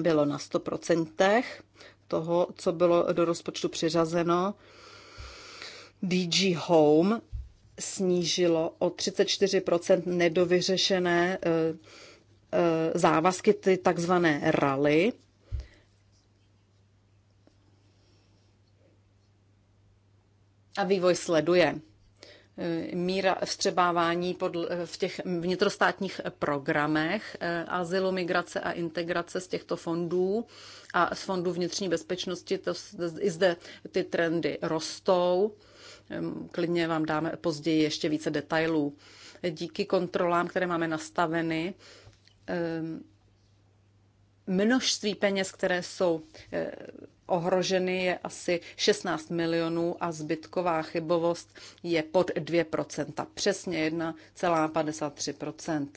bylo na 100% toho, co bylo do rozpočtu přiřazeno. DG Home snížilo o 34% nedovyřešené eh, eh, závazky, ty takzvané rally. A vývoj sleduje. Eh, míra vstřebávání eh, v těch vnitrostátních programech eh, azylu, migrace a integrace z těchto fondů a z fondů vnitřní bezpečnosti. To, I zde ty trendy rostou. Klidně vám dáme později ještě více detailů. Díky kontrolám, které máme nastaveny, množství peněz, které jsou ohroženy je asi 16 milionů a zbytková chybovost je pod 2%, přesně 1,53%.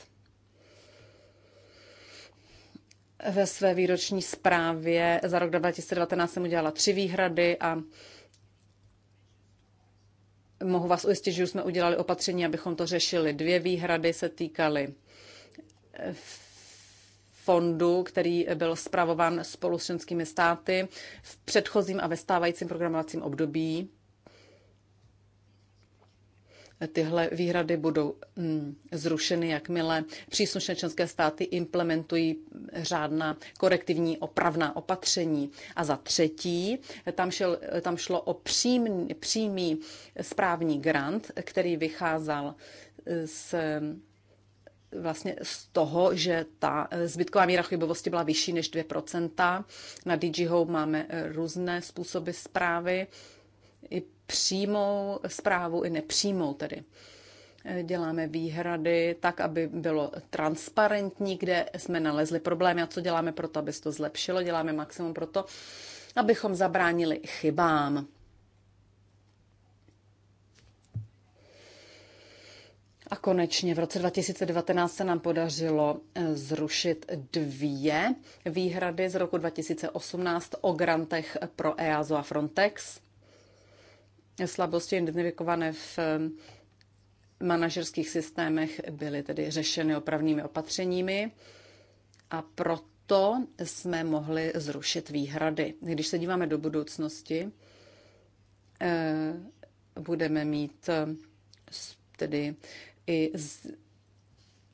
Ve své výroční zprávě za rok 2019 jsem udělala tři výhrady a mohu vás ujistit, že už jsme udělali opatření, abychom to řešili. Dvě výhrady se týkaly fondu, který byl zpravovan spolu s členskými státy v předchozím a ve stávajícím programovacím období. Tyhle výhrady budou mm, zrušeny, jakmile příslušné členské státy implementují řádná korektivní opravná opatření. A za třetí, tam, šel, tam šlo o přímý, přímý správní grant, který vycházel z vlastně z toho, že ta eh, zbytková míra chybovosti byla vyšší než 2%. Na DigiHo máme eh, různé způsoby zprávy, i přímou zprávu, i nepřímou tedy. Eh, děláme výhrady tak, aby bylo transparentní, kde jsme nalezli problémy a co děláme pro to, aby se to zlepšilo. Děláme maximum pro to, abychom zabránili chybám. A konečně v roce 2019 se nám podařilo eh, zrušit dvě výhrady z roku 2018 o grantech pro EASO a Frontex. Slabosti identifikované v eh, manažerských systémech byly tedy řešeny opravnými opatřeními a proto jsme mohli zrušit výhrady. Když se díváme do budoucnosti, eh, budeme mít tedy i z,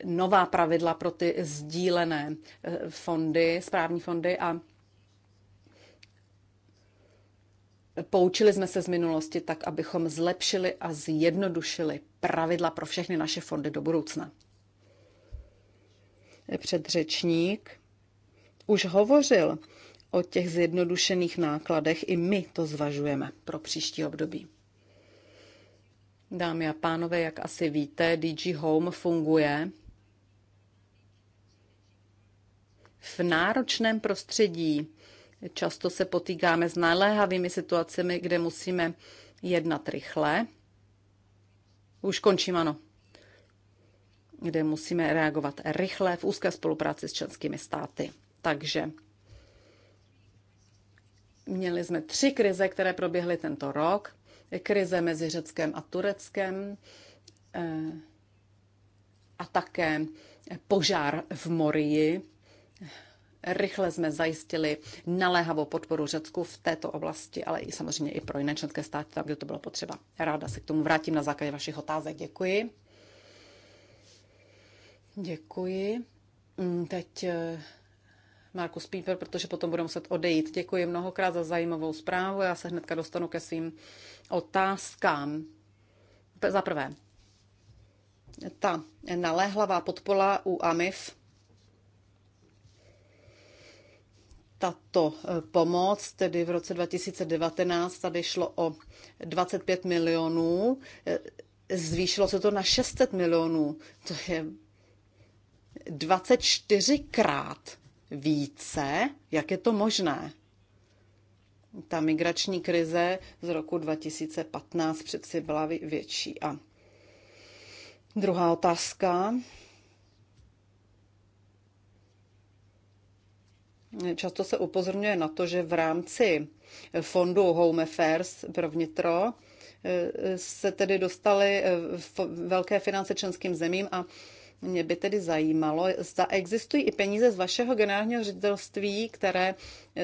nová pravidla pro ty sdílené eh, fondy, správní fondy a poučili jsme se z minulosti tak, abychom zlepšili a zjednodušili pravidla pro všechny naše fondy do budoucna. Předřečník už hovořil o těch zjednodušených nákladech, i my to zvažujeme pro příští období. Dámy a pánové, jak asi víte, DG Home funguje v náročném prostředí. Často se potýkáme s naléhavými situacemi, kde musíme jednat rychle. Už končím, ano. Kde musíme reagovat rychle v úzké spolupráci s členskými státy. Takže měli jsme tři krize, které proběhly tento rok krize mezi Řeckem a Tureckem eh, a také požár v Morii. Rychle jsme zajistili naléhavou podporu Řecku v této oblasti, ale i samozřejmě i pro jiné členské státy, tam, kde to bylo potřeba. Ráda se k tomu vrátím na základě vašich otázek. Děkuji. Děkuji. Mm, teď eh, Markus Pieper, protože potom budu muset odejít. Děkuji mnohokrát za zajímavou zprávu. Já se hnedka dostanu ke svým otázkám. Za prvé, ta naléhlavá podpora u AMIF, tato eh, pomoc, tedy v roce 2019, tady šlo o 25 milionů, eh, zvýšilo se to na 600 milionů. To je 24krát více, jak je to možné. Ta migrační krize z roku 2015 přeci byla větší. A druhá otázka. Často se upozorňuje na to, že v rámci fondu Home Affairs pro vnitro eh, se tedy dostaly eh, velké finance členským zemím a mě by tedy zajímalo, zda existují i peníze z vašeho generálního ředitelství, které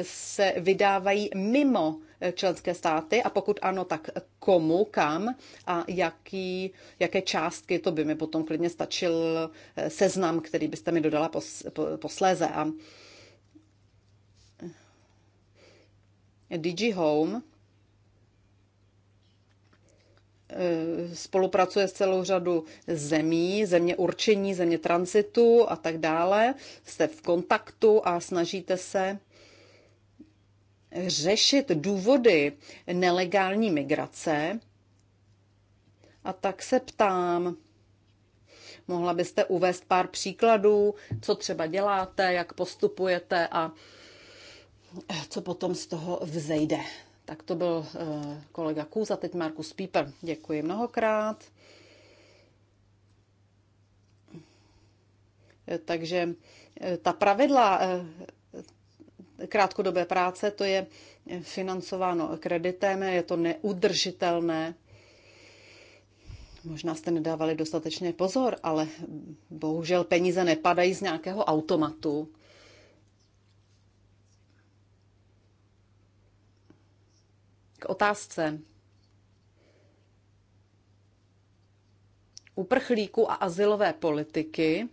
se vydávají mimo eh, členské státy a pokud ano, tak komu, kam a jaký, jaké částky, to by mi potom klidně stačil eh, seznam, který byste mi dodala pos, po, posléze. A eh, DG Home Eh, spolupracuje s celou řadu zemí, země určení, země transitu a tak dále. Jste v kontaktu a snažíte se řešit důvody nelegální migrace. A tak se ptám, mohla byste uvést pár příkladů, co třeba děláte, jak postupujete a co potom z toho vzejde. Tak to byl eh, kolega Kůza, teď Markus Píper. Děkuji mnohokrát. Eh, takže eh, ta pravidla krátkodobé práce, to je financováno kreditem, je to neudržitelné. Možná jste nedávali dostatečně pozor, ale bohužel peníze nepadají z nějakého automatu. K otázce uprchlíků a asilové politiky,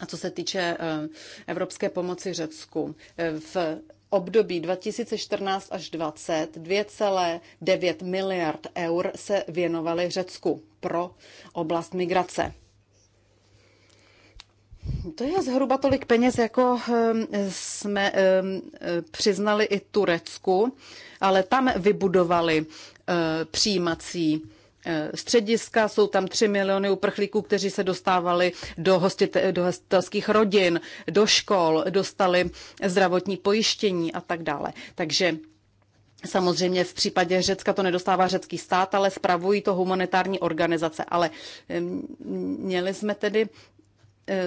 a co se týče eh, evropské pomoci Řecku, eh, v období 2014 až 2020 2,9 miliard eur se věnovaly Řecku pro oblast migrace. To je zhruba tolik peněz, jako eh, jsme přiznali i Turecku ale tam vybudovali eh, přijímací eh, střediska, jsou tam 3 miliony uprchlíků, kteří se dostávali do, hostite, do hostelských rodin, do škol, dostali zdravotní pojištění a tak dále. Takže Samozřejmě v případě Řecka to nedostává řecký stát, ale spravují to humanitární organizace. Ale měli jsme tedy eh,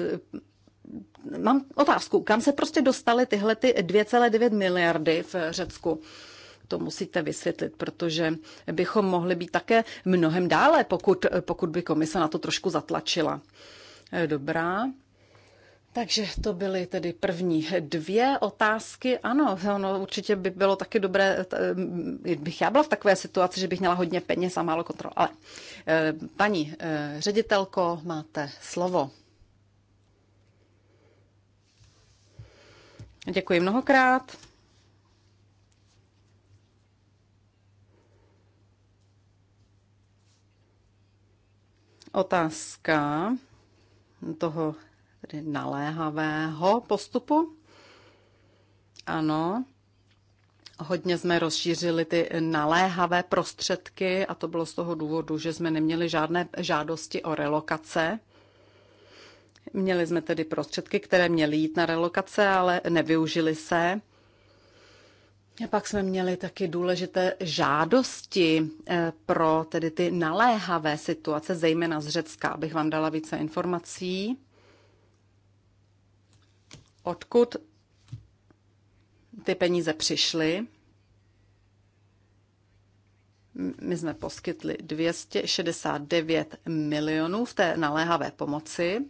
Mám otázku, kam se prostě dostaly tyhle ty 2,9 miliardy v Řecku? to musíte vysvětlit, protože bychom mohli být také mnohem dále, pokud, pokud by komise na to trošku zatlačila. Eh, dobrá. Takže to byly tedy první dvě otázky. Ano, ono určitě by bylo taky dobré, eh, bych já byla v takové situaci, že bych měla hodně peněz a málo kontrol. Ale eh, paní ředitelko, máte slovo. Děkuji mnohokrát. Otázka toho tedy naléhavého postupu. Ano, hodně jsme rozšířili ty naléhavé prostředky a to bylo z toho důvodu, že jsme neměli žádné žádosti o relokace. Měli jsme tedy prostředky, které měly jít na relokace, ale nevyužili se. A pak jsme měli taky důležité žádosti eh, pro tedy ty naléhavé situace, zejména z Řecka, abych vám dala více informací. Odkud ty peníze přišly? My jsme poskytli 269 milionů v té naléhavé pomoci.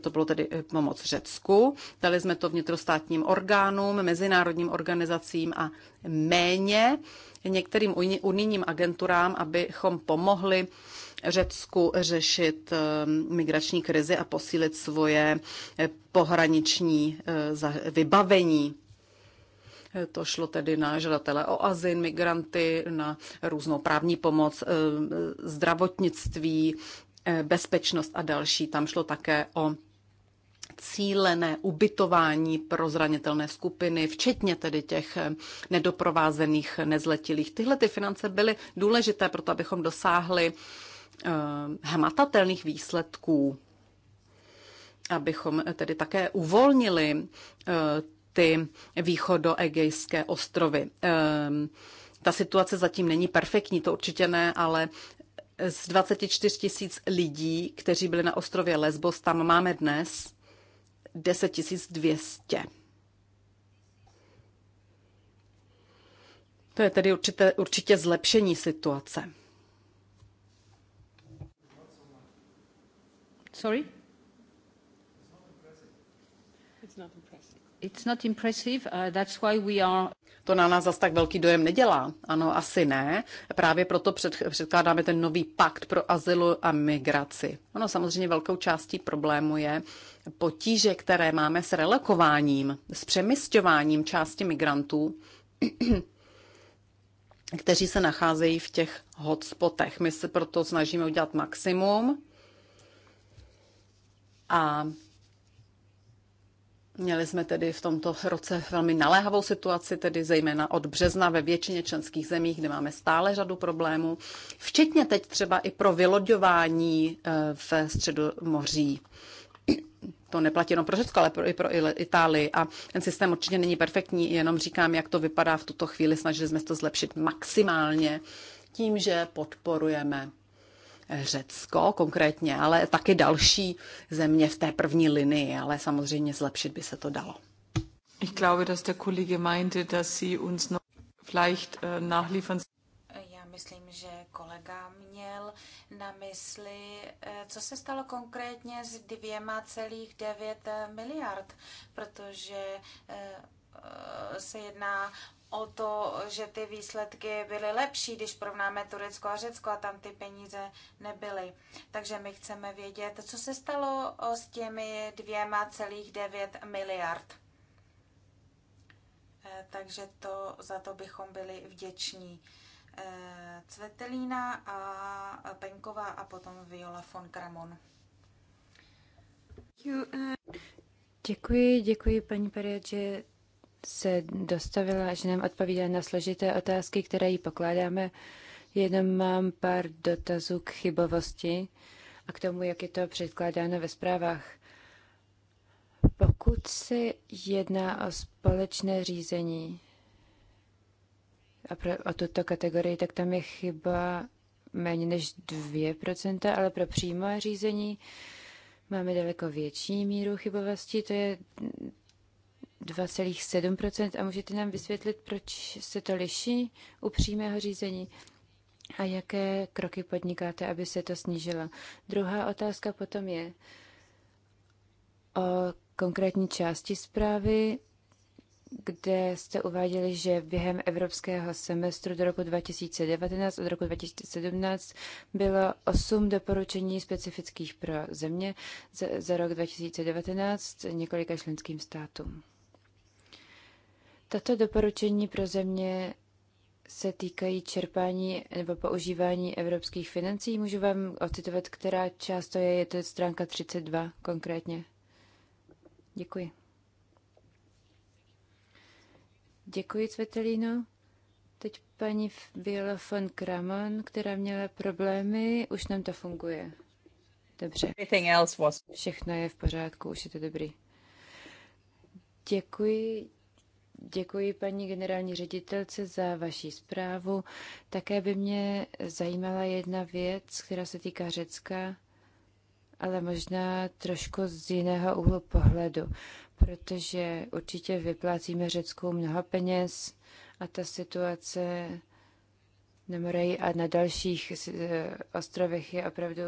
To bylo tedy eh, pomoc Řecku. Dali jsme to vnitrostátním orgánům, mezinárodním organizacím a méně některým unijním agenturám, abychom pomohli Řecku řešit ehm, migrační krizi a posílit svoje eh, pohraniční eh, vybavení. To šlo tedy na žadatele o azyl, migranty, na různou právní pomoc, ehm, zdravotnictví, Eh, bezpečnost a další. Tam šlo také o cílené ubytování pro zranitelné skupiny, včetně tedy těch eh, nedoprovázených nezletilých. Tyhle ty finance byly důležité pro to, abychom dosáhli eh, hmatatelných výsledků, abychom tedy také uvolnili ty východoegejské ostrovy. Ta situace zatím není perfektní, to určitě ne, ale z 24 tisíc lidí, kteří byli na ostrově Lesbos, tam máme dnes 10 200. To je tedy určité, určitě zlepšení situace. Sorry? It's not impressive. Uh, that's why we are to na nás zas tak velký dojem nedělá. Ano, asi ne. Právě proto před, předkládáme ten nový pakt pro azylu a migraci. Ono samozřejmě velkou částí problému je potíže, které máme s relokováním, s přemysťováním části migrantů, kteří se nacházejí v těch hotspotech. My se proto snažíme udělat maximum a Měli jsme tedy v tomto roce velmi naléhavou situaci, tedy zejména od března ve většině členských zemí, kde máme stále řadu problémů, včetně teď třeba i pro vyloďování e, v moří. To neplatí jenom pro Řecko, ale pro, i pro Itálii. A ten systém určitě není perfektní, jenom říkám, jak to vypadá v tuto chvíli. Snažili jsme to zlepšit maximálně tím, že podporujeme Řecko konkrétně, ale taky další země v té první linii, ale samozřejmě zlepšit by se to dalo. Ich glaube, dass der Kollege meinte, dass Sie uns noch vielleicht äh, nachliefern myslím, že kolega měl na mysli, äh, co se stalo konkrétně s 2,9 äh, miliard, protože se jedná o to, že ty výsledky byly lepší, když porovnáme Turecko a Řecko a tam ty peníze nebyly. Takže my chceme vědět, co se stalo s těmi dvěma celých devět miliard. E, takže to, za to bychom byli vděční. E, Cvetelína a Penková a potom Viola von Kramon. Děkuji, děkuji paní Periad, že se dostavila, že nám odpovídá na složité otázky, které jí pokládáme. Jenom mám pár dotazů k chybovosti a k tomu, jak je to předkládáno ve zprávách. Pokud se jedná o společné řízení a pro, o tuto kategorii, tak tam je chyba méně než 2%, ale pro přímé řízení máme daleko větší míru chybovosti, to je 2,7 a můžete nám vysvětlit, proč se to liší u přímého řízení a jaké kroky podnikáte, aby se to snížilo. Druhá otázka potom je o konkrétní části zprávy, kde jste uváděli, že během evropského semestru do roku 2019 od roku 2017 bylo 8 doporučení specifických pro země za, za rok 2019 několika členským státům. Tato doporučení pro země se týkají čerpání nebo používání evropských financí. Můžu vám ocitovat, která část to je, je to stránka 32 konkrétně. Děkuji. Děkuji, Cvetelino. Teď paní Viola von Kramon, která měla problémy, už nám to funguje. Dobře. Všechno je v pořádku, už je to dobrý. Děkuji, Děkuji paní generální ředitelce za vaši zprávu. Také by mě zajímala jedna věc, která se týká Řecka, ale možná trošku z jiného úhlu pohledu, protože určitě vyplácíme Řecku mnoho peněz a ta situace na Moreji a na dalších eh, ostrovech je opravdu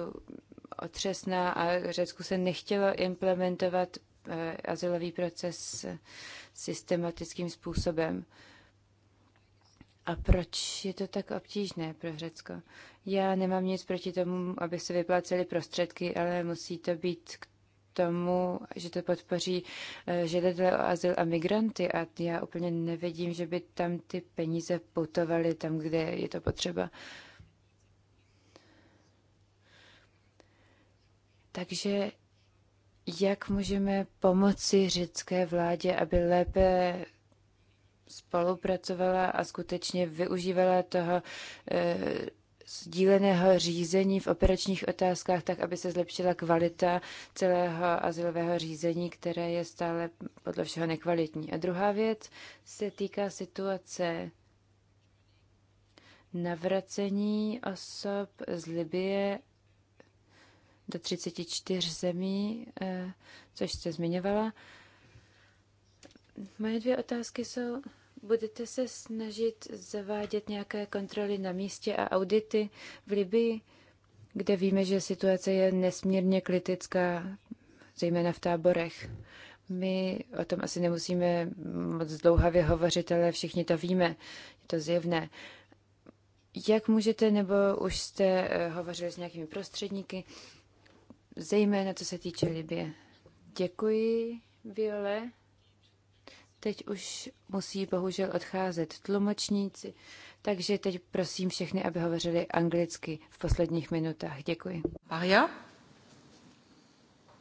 otřesná a Řecku se nechtělo implementovat Eh, azylový proces systematickým způsobem. A proč je to tak obtížné pro Řecko? Já nemám nic proti tomu, aby se vyplácely prostředky, ale musí to být k tomu, že to podpoří eh, žadatele o azyl a migranty a já úplně nevidím, že by tam ty peníze putovaly tam, kde je to potřeba. Takže jak můžeme pomoci řecké vládě, aby lépe spolupracovala a skutečně využívala toho e, sdíleného řízení v operačních otázkách, tak aby se zlepšila kvalita celého azylového řízení, které je stále podle všeho nekvalitní. A druhá věc se týká situace navracení osob z Libie do 34 zemí, eh, což jste zmiňovala. Moje dvě otázky jsou, budete se snažit zavádět nějaké kontroly na místě a audity v Libii, kde víme, že situace je nesmírně kritická, zejména v táborech. My o tom asi nemusíme moc dlouhavě hovořit, ale všichni to víme, je to zjevné. Jak můžete, nebo už jste eh, hovořili s nějakými prostředníky, zejména co se týče Libie. Děkuji, Viole. Teď už musí bohužel odcházet tlumočníci, takže teď prosím všechny, aby hovořili anglicky v posledních minutách. Děkuji. Maria?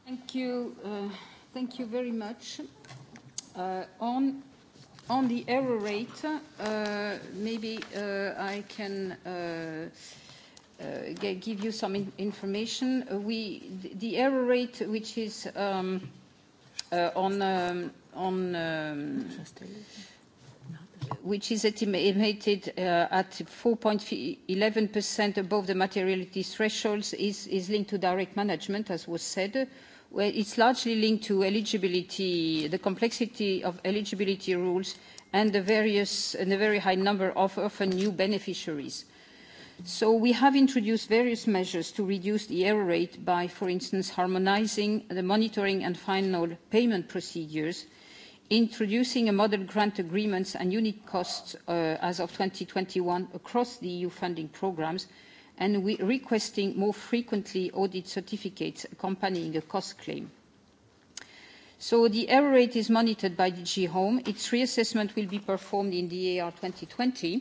Thank you, uh, thank you very much. Uh, on on the error rate, uh, maybe uh, I can uh, Uh, give you some in information. Uh, we, the error rate, which is um, uh, on, um, on um, which is estimated uh, at 4.11% above the materiality thresholds, is, is linked to direct management, as was said. Well, it's largely linked to eligibility, the complexity of eligibility rules, and the various, and the very high number of often new beneficiaries. So we have introduced various measures to reduce the error rate by, for instance, harmonizing the monitoring and final payment procedures, introducing a model grant agreements and unit costs uh, as of 2021 across the EU funding programs, and we requesting more frequently audit certificates accompanying a cost claim. So the error rate is monitored by DG Home. Its reassessment will be performed in the e AR 2020,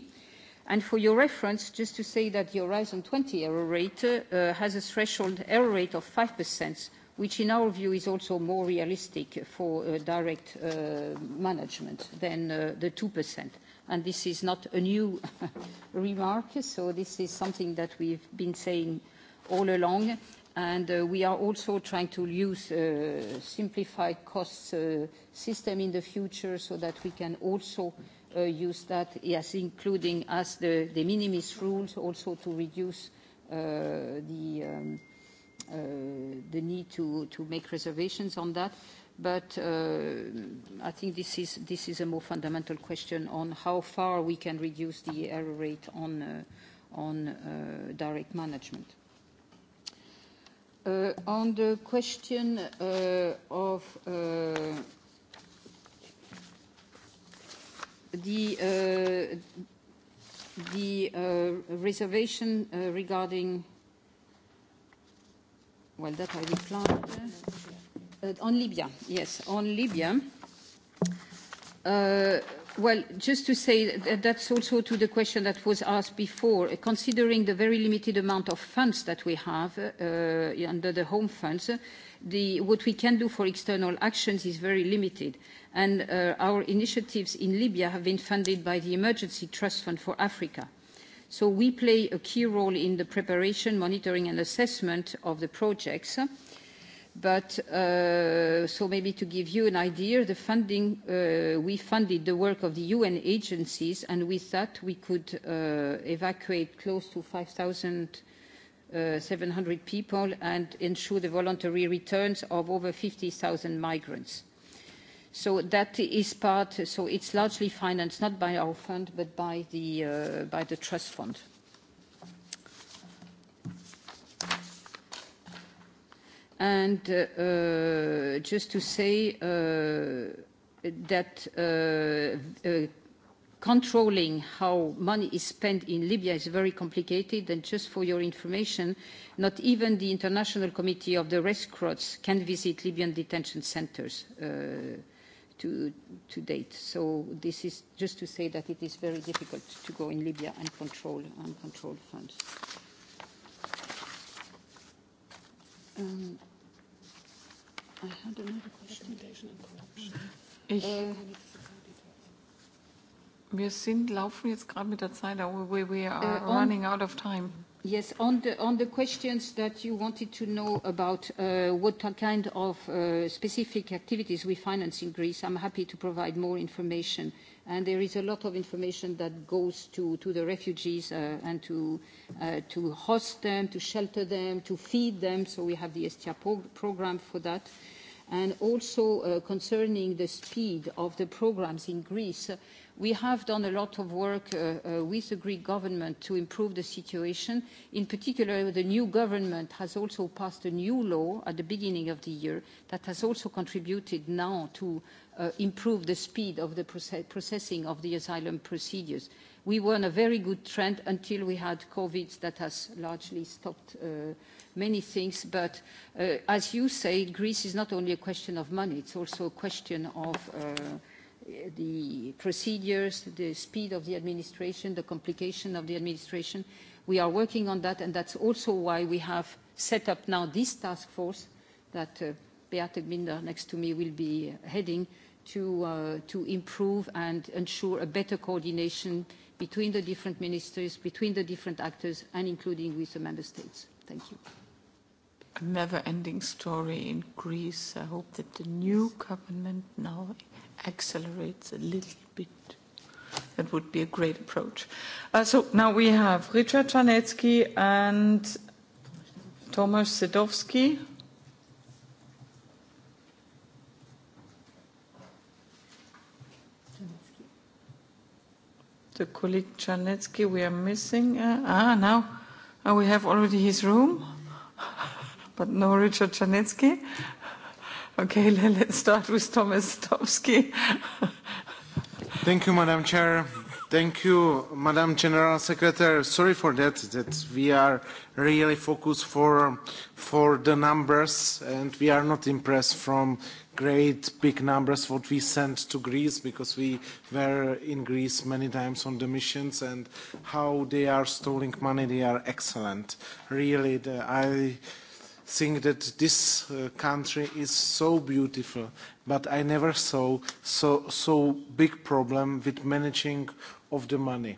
And for your reference, just to say that the Horizon 20 error rate uh, has a threshold error rate of 5%, which in our view is also more realistic for uh, direct uh, management than uh, the 2%. And this is not a new remark, so this is something that we've been saying all along. And uh, we are also trying to use uh, simplified cost uh, system in the future so that we can also Uh, use that, yes, including as the de minimis rules, also to reduce uh, the, um, uh, the need to, to make reservations on that. But uh, I think this is, this is a more fundamental question on how far we can reduce the error rate on, uh, on uh, direct management. Uh, on the question uh, of the, uh, the uh, reservation uh, regarding, well, that I replied. Uh, on Libya, yes, on Libya. Uh, Well, just to say that that's also to the question that was asked before. Considering the very limited amount of funds that we have uh, under the home funds, what we can do for external actions is very limited. And uh, our initiatives in Libya have been funded by the Emergency Trust Fund for Africa. So we play a key role in the preparation, monitoring, and assessment of the projects. But uh, so maybe to give you an idea, the funding, uh, we funded the work of the UN agencies, and with that, we could uh, evacuate close to 5,700 uh, people and ensure the voluntary returns of over 50,000 migrants. So that is part, so it's largely financed not by our fund, but by the, uh, by the trust fund. And uh, uh, just to say uh, that uh, uh, controlling how money is spent in Libya is very complicated. And just for your information, not even the International Committee of the Red Cross can visit Libyan detention centers uh, to, to date. So this is just to say that it is very difficult to go in Libya and control, and control funds. Um, Ich, wir sind, laufen jetzt gerade mit der Zeit, we, we are äh, running out of time. Yes, on the, on the questions that you wanted to know about uh, what kind of uh, specific activities we finance in Greece, I'm happy to provide more information. And there is a lot of information that goes to, to the refugees uh, and to, uh, to host them, to shelter them, to feed them. So we have the STIA program for that. And also, uh, concerning the speed of the programs in Greece, We have done a lot of work uh, uh, with the Greek government to improve the situation. In particular, the new government has also passed a new law at the beginning of the year that has also contributed now to uh, improve the speed of the proce processing of the asylum procedures. We were on a very good trend until we had COVID that has largely stopped uh, many things. But uh, as you say, Greece is not only a question of money, it's also a question of uh, the procedures, the speed of the administration, the complication of the administration. We are working on that, and that's also why we have set up now this task force that uh, Beate Binder next to me will be heading to, uh, to improve and ensure a better coordination between the different ministries, between the different actors, and including with the member states. Thank you. A never-ending story in Greece. I hope that the new government now accelerates a little bit. That would be a great approach. Uh, so now we have Richard Czarnecki and Tomasz Sidowski. The colleague Czarnecki we are missing. Uh, ah, now uh, we have already his room, but no Richard Czarnecki. Okay, let's start with Thomas Stovsky. Thank you, Madam Chair. Thank you, Madam General Secretary. Sorry for that, that we are really focused for, for the numbers and we are not impressed from great big numbers what we sent to Greece because we were in Greece many times on the missions and how they are stealing money, they are excellent. Really, the, I think that this uh, country is so beautiful, but I never saw so, so big problem with managing of the money.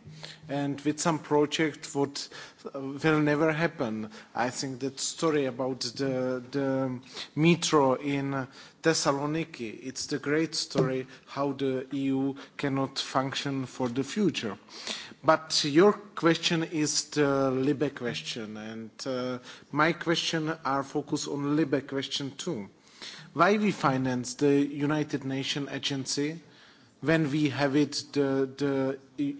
And with some project what uh, will never happen. I think that story about the, the metro in Thessaloniki, it's the great story how the EU cannot function for the future. But your question is the Libe question, and uh, my question are focused on Libe question too. Why we finance the United Nations agency when we have it the, the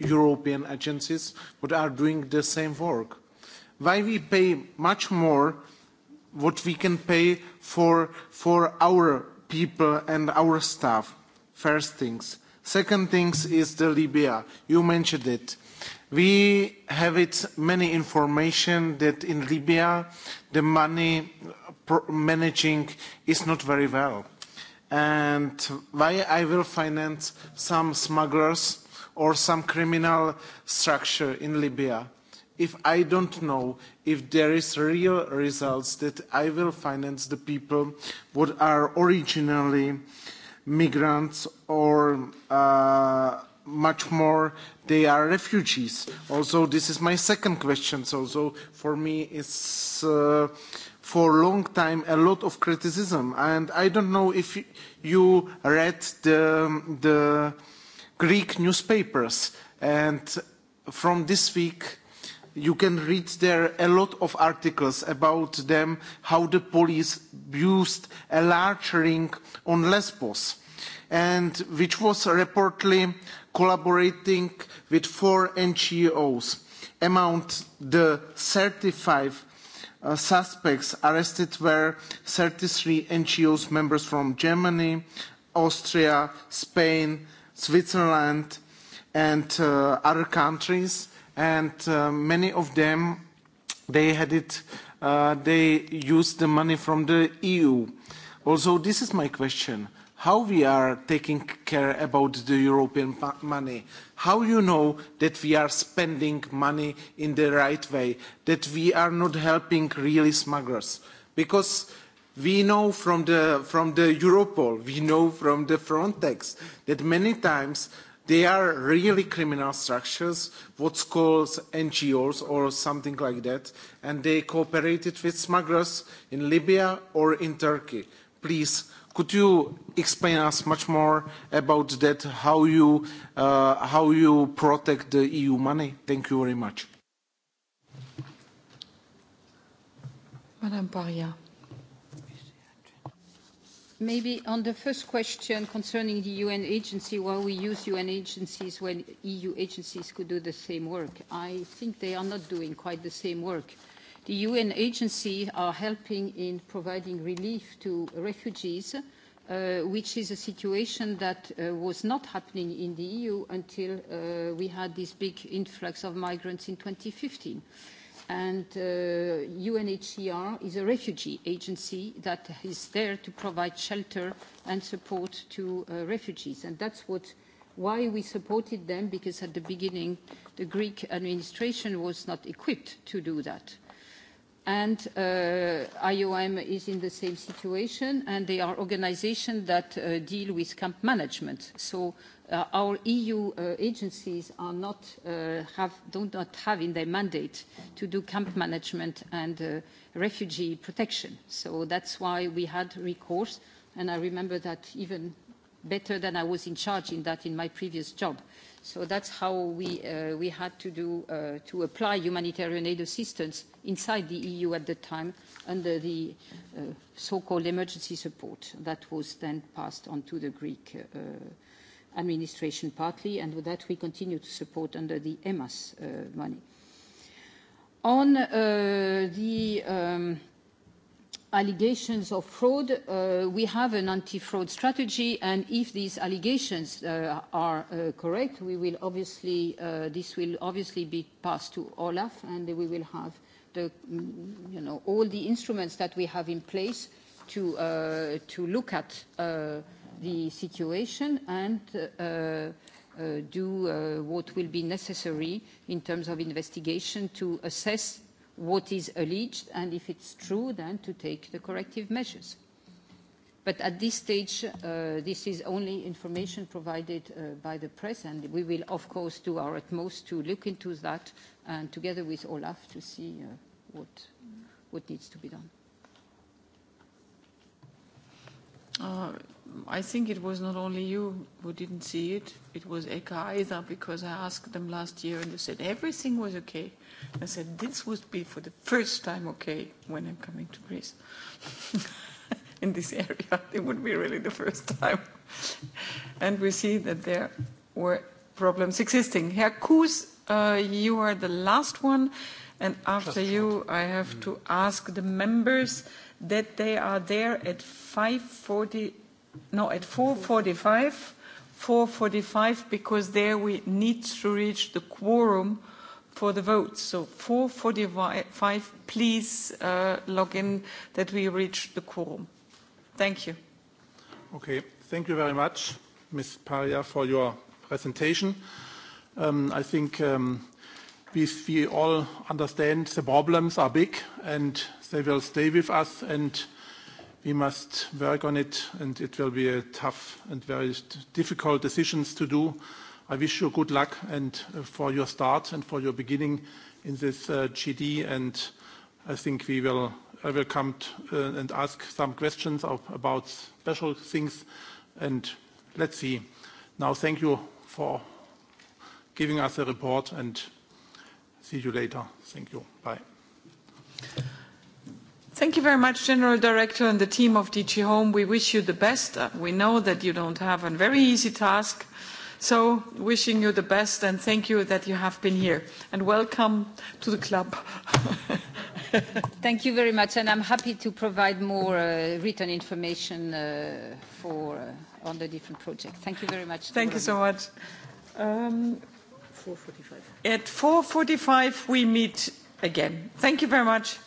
European agencies what are doing the same work? Why we pay much more what we can pay for, for our people and our staff? First things. Second things is the Libya. You mentioned it We have it many information that in Libya the money managing is not very well. And why I will finance some smugglers or some criminal structure in Libya if I don't know if there is real results that I will finance the people what are originally migrants or uh, much more they are refugees. Also, this is my second question. So, so for me, it's uh, for a long time a lot of criticism, and I don't know if you read the, the Greek newspapers, and from this week you can read there a lot of articles about them, how the police used a large ring on Lesbos, and which was reportedly collaborating with four NGOs. Among the 35 uh, suspects arrested were 33 NGOs members from Germany, Austria, Spain, Switzerland, and uh, other countries. And uh, many of them, they had it, uh, they used the money from the EU. Also, this is my question how we are taking care about the European money, how you know that we are spending money in the right way, that we are not helping really smugglers. Because we know from the, from the Europol, we know from the Frontex, that many times they are really criminal structures, what's called NGOs or something like that, and they cooperated with smugglers in Libya or in Turkey. Please, Could you explain us much more about that, how you, uh, how you protect the EU money? Thank you very much. Madame Paria. Maybe on the first question concerning the UN agency, why we use UN agencies when EU agencies could do the same work. I think they are not doing quite the same work. Uh, The UN agency are helping in providing relief to refugees, uh, which is a situation that uh, was not happening in the EU until uh, we had this big influx of migrants in 2015 and uh, UNHCR is a refugee agency that is there to provide shelter and support to uh, refugees. And that's what, why we supported them, because at the beginning the Greek administration was not equipped to do that and uh, IOM is in the same situation, and they are organizations that uh, deal with camp management. So uh, our EU uh, agencies are not, uh, have, do not have in their mandate to do camp management and uh, refugee protection. So that's why we had recourse, and I remember that even better than I was in charge in that in my previous job. So that's how we, uh, we had to do uh, to apply humanitarian aid assistance inside the EU at the time under the uh, so-called emergency support that was then passed on to the Greek uh, administration partly, and with that we continue to support under the EMAS uh, money. On uh, the um, allegations of fraud, uh, we have an anti-fraud strategy, and if these allegations uh, are uh, correct, we will obviously, uh, this will obviously be passed to Olaf, and we will have the, mm, you know, all the instruments that we have in place to, uh, to look at uh, the situation and uh, uh, do uh, what will be necessary in terms of investigation to assess what is alleged and if it's true, then to take the corrective measures. But at this stage, uh, this is only information provided uh, by the press, and we will, of course, do our utmost to look into that, and together with Olaf, to see uh, what, what needs to be done. Uh, I think it was not only you who didn't see it, it was Eka either, because I asked them last year and they said everything was okay. I said, this would be for the first time okay when I'm coming to Greece in this area. It would be really the first time. and we see that there were problems existing. Herr Kuz, uh, you are the last one, and after Just you, I have to ask the members that they are there at 5:40, no, at 4:45, 4:45 because there we need to reach the quorum for the vote. So 4:45, please uh, log in that we reach the quorum. Thank you. Okay, thank you very much, Ms. Paria, for your presentation. Um, I think um, we, we all understand the problems are big and They will stay with us, and we must work on it, and it will be a tough and very difficult decisions to do. I wish you good luck and uh, for your start and for your beginning in this uh, GD, and I think we will, I will come to, uh, and ask some questions of, about special things, and let's see. Now, thank you for giving us a report, and see you later. Thank you. Bye. Thank you very much, General Director and the team of DG Home. We wish you the best. Uh, we know that you don't have a very easy task, so wishing you the best and thank you that you have been here. And welcome to the club. thank you very much, and I'm happy to provide more uh, written information uh, for uh, on the different projects. Thank you very much. Thank you so much. Um, 4.45. At 4.45 we meet again. Thank you very much.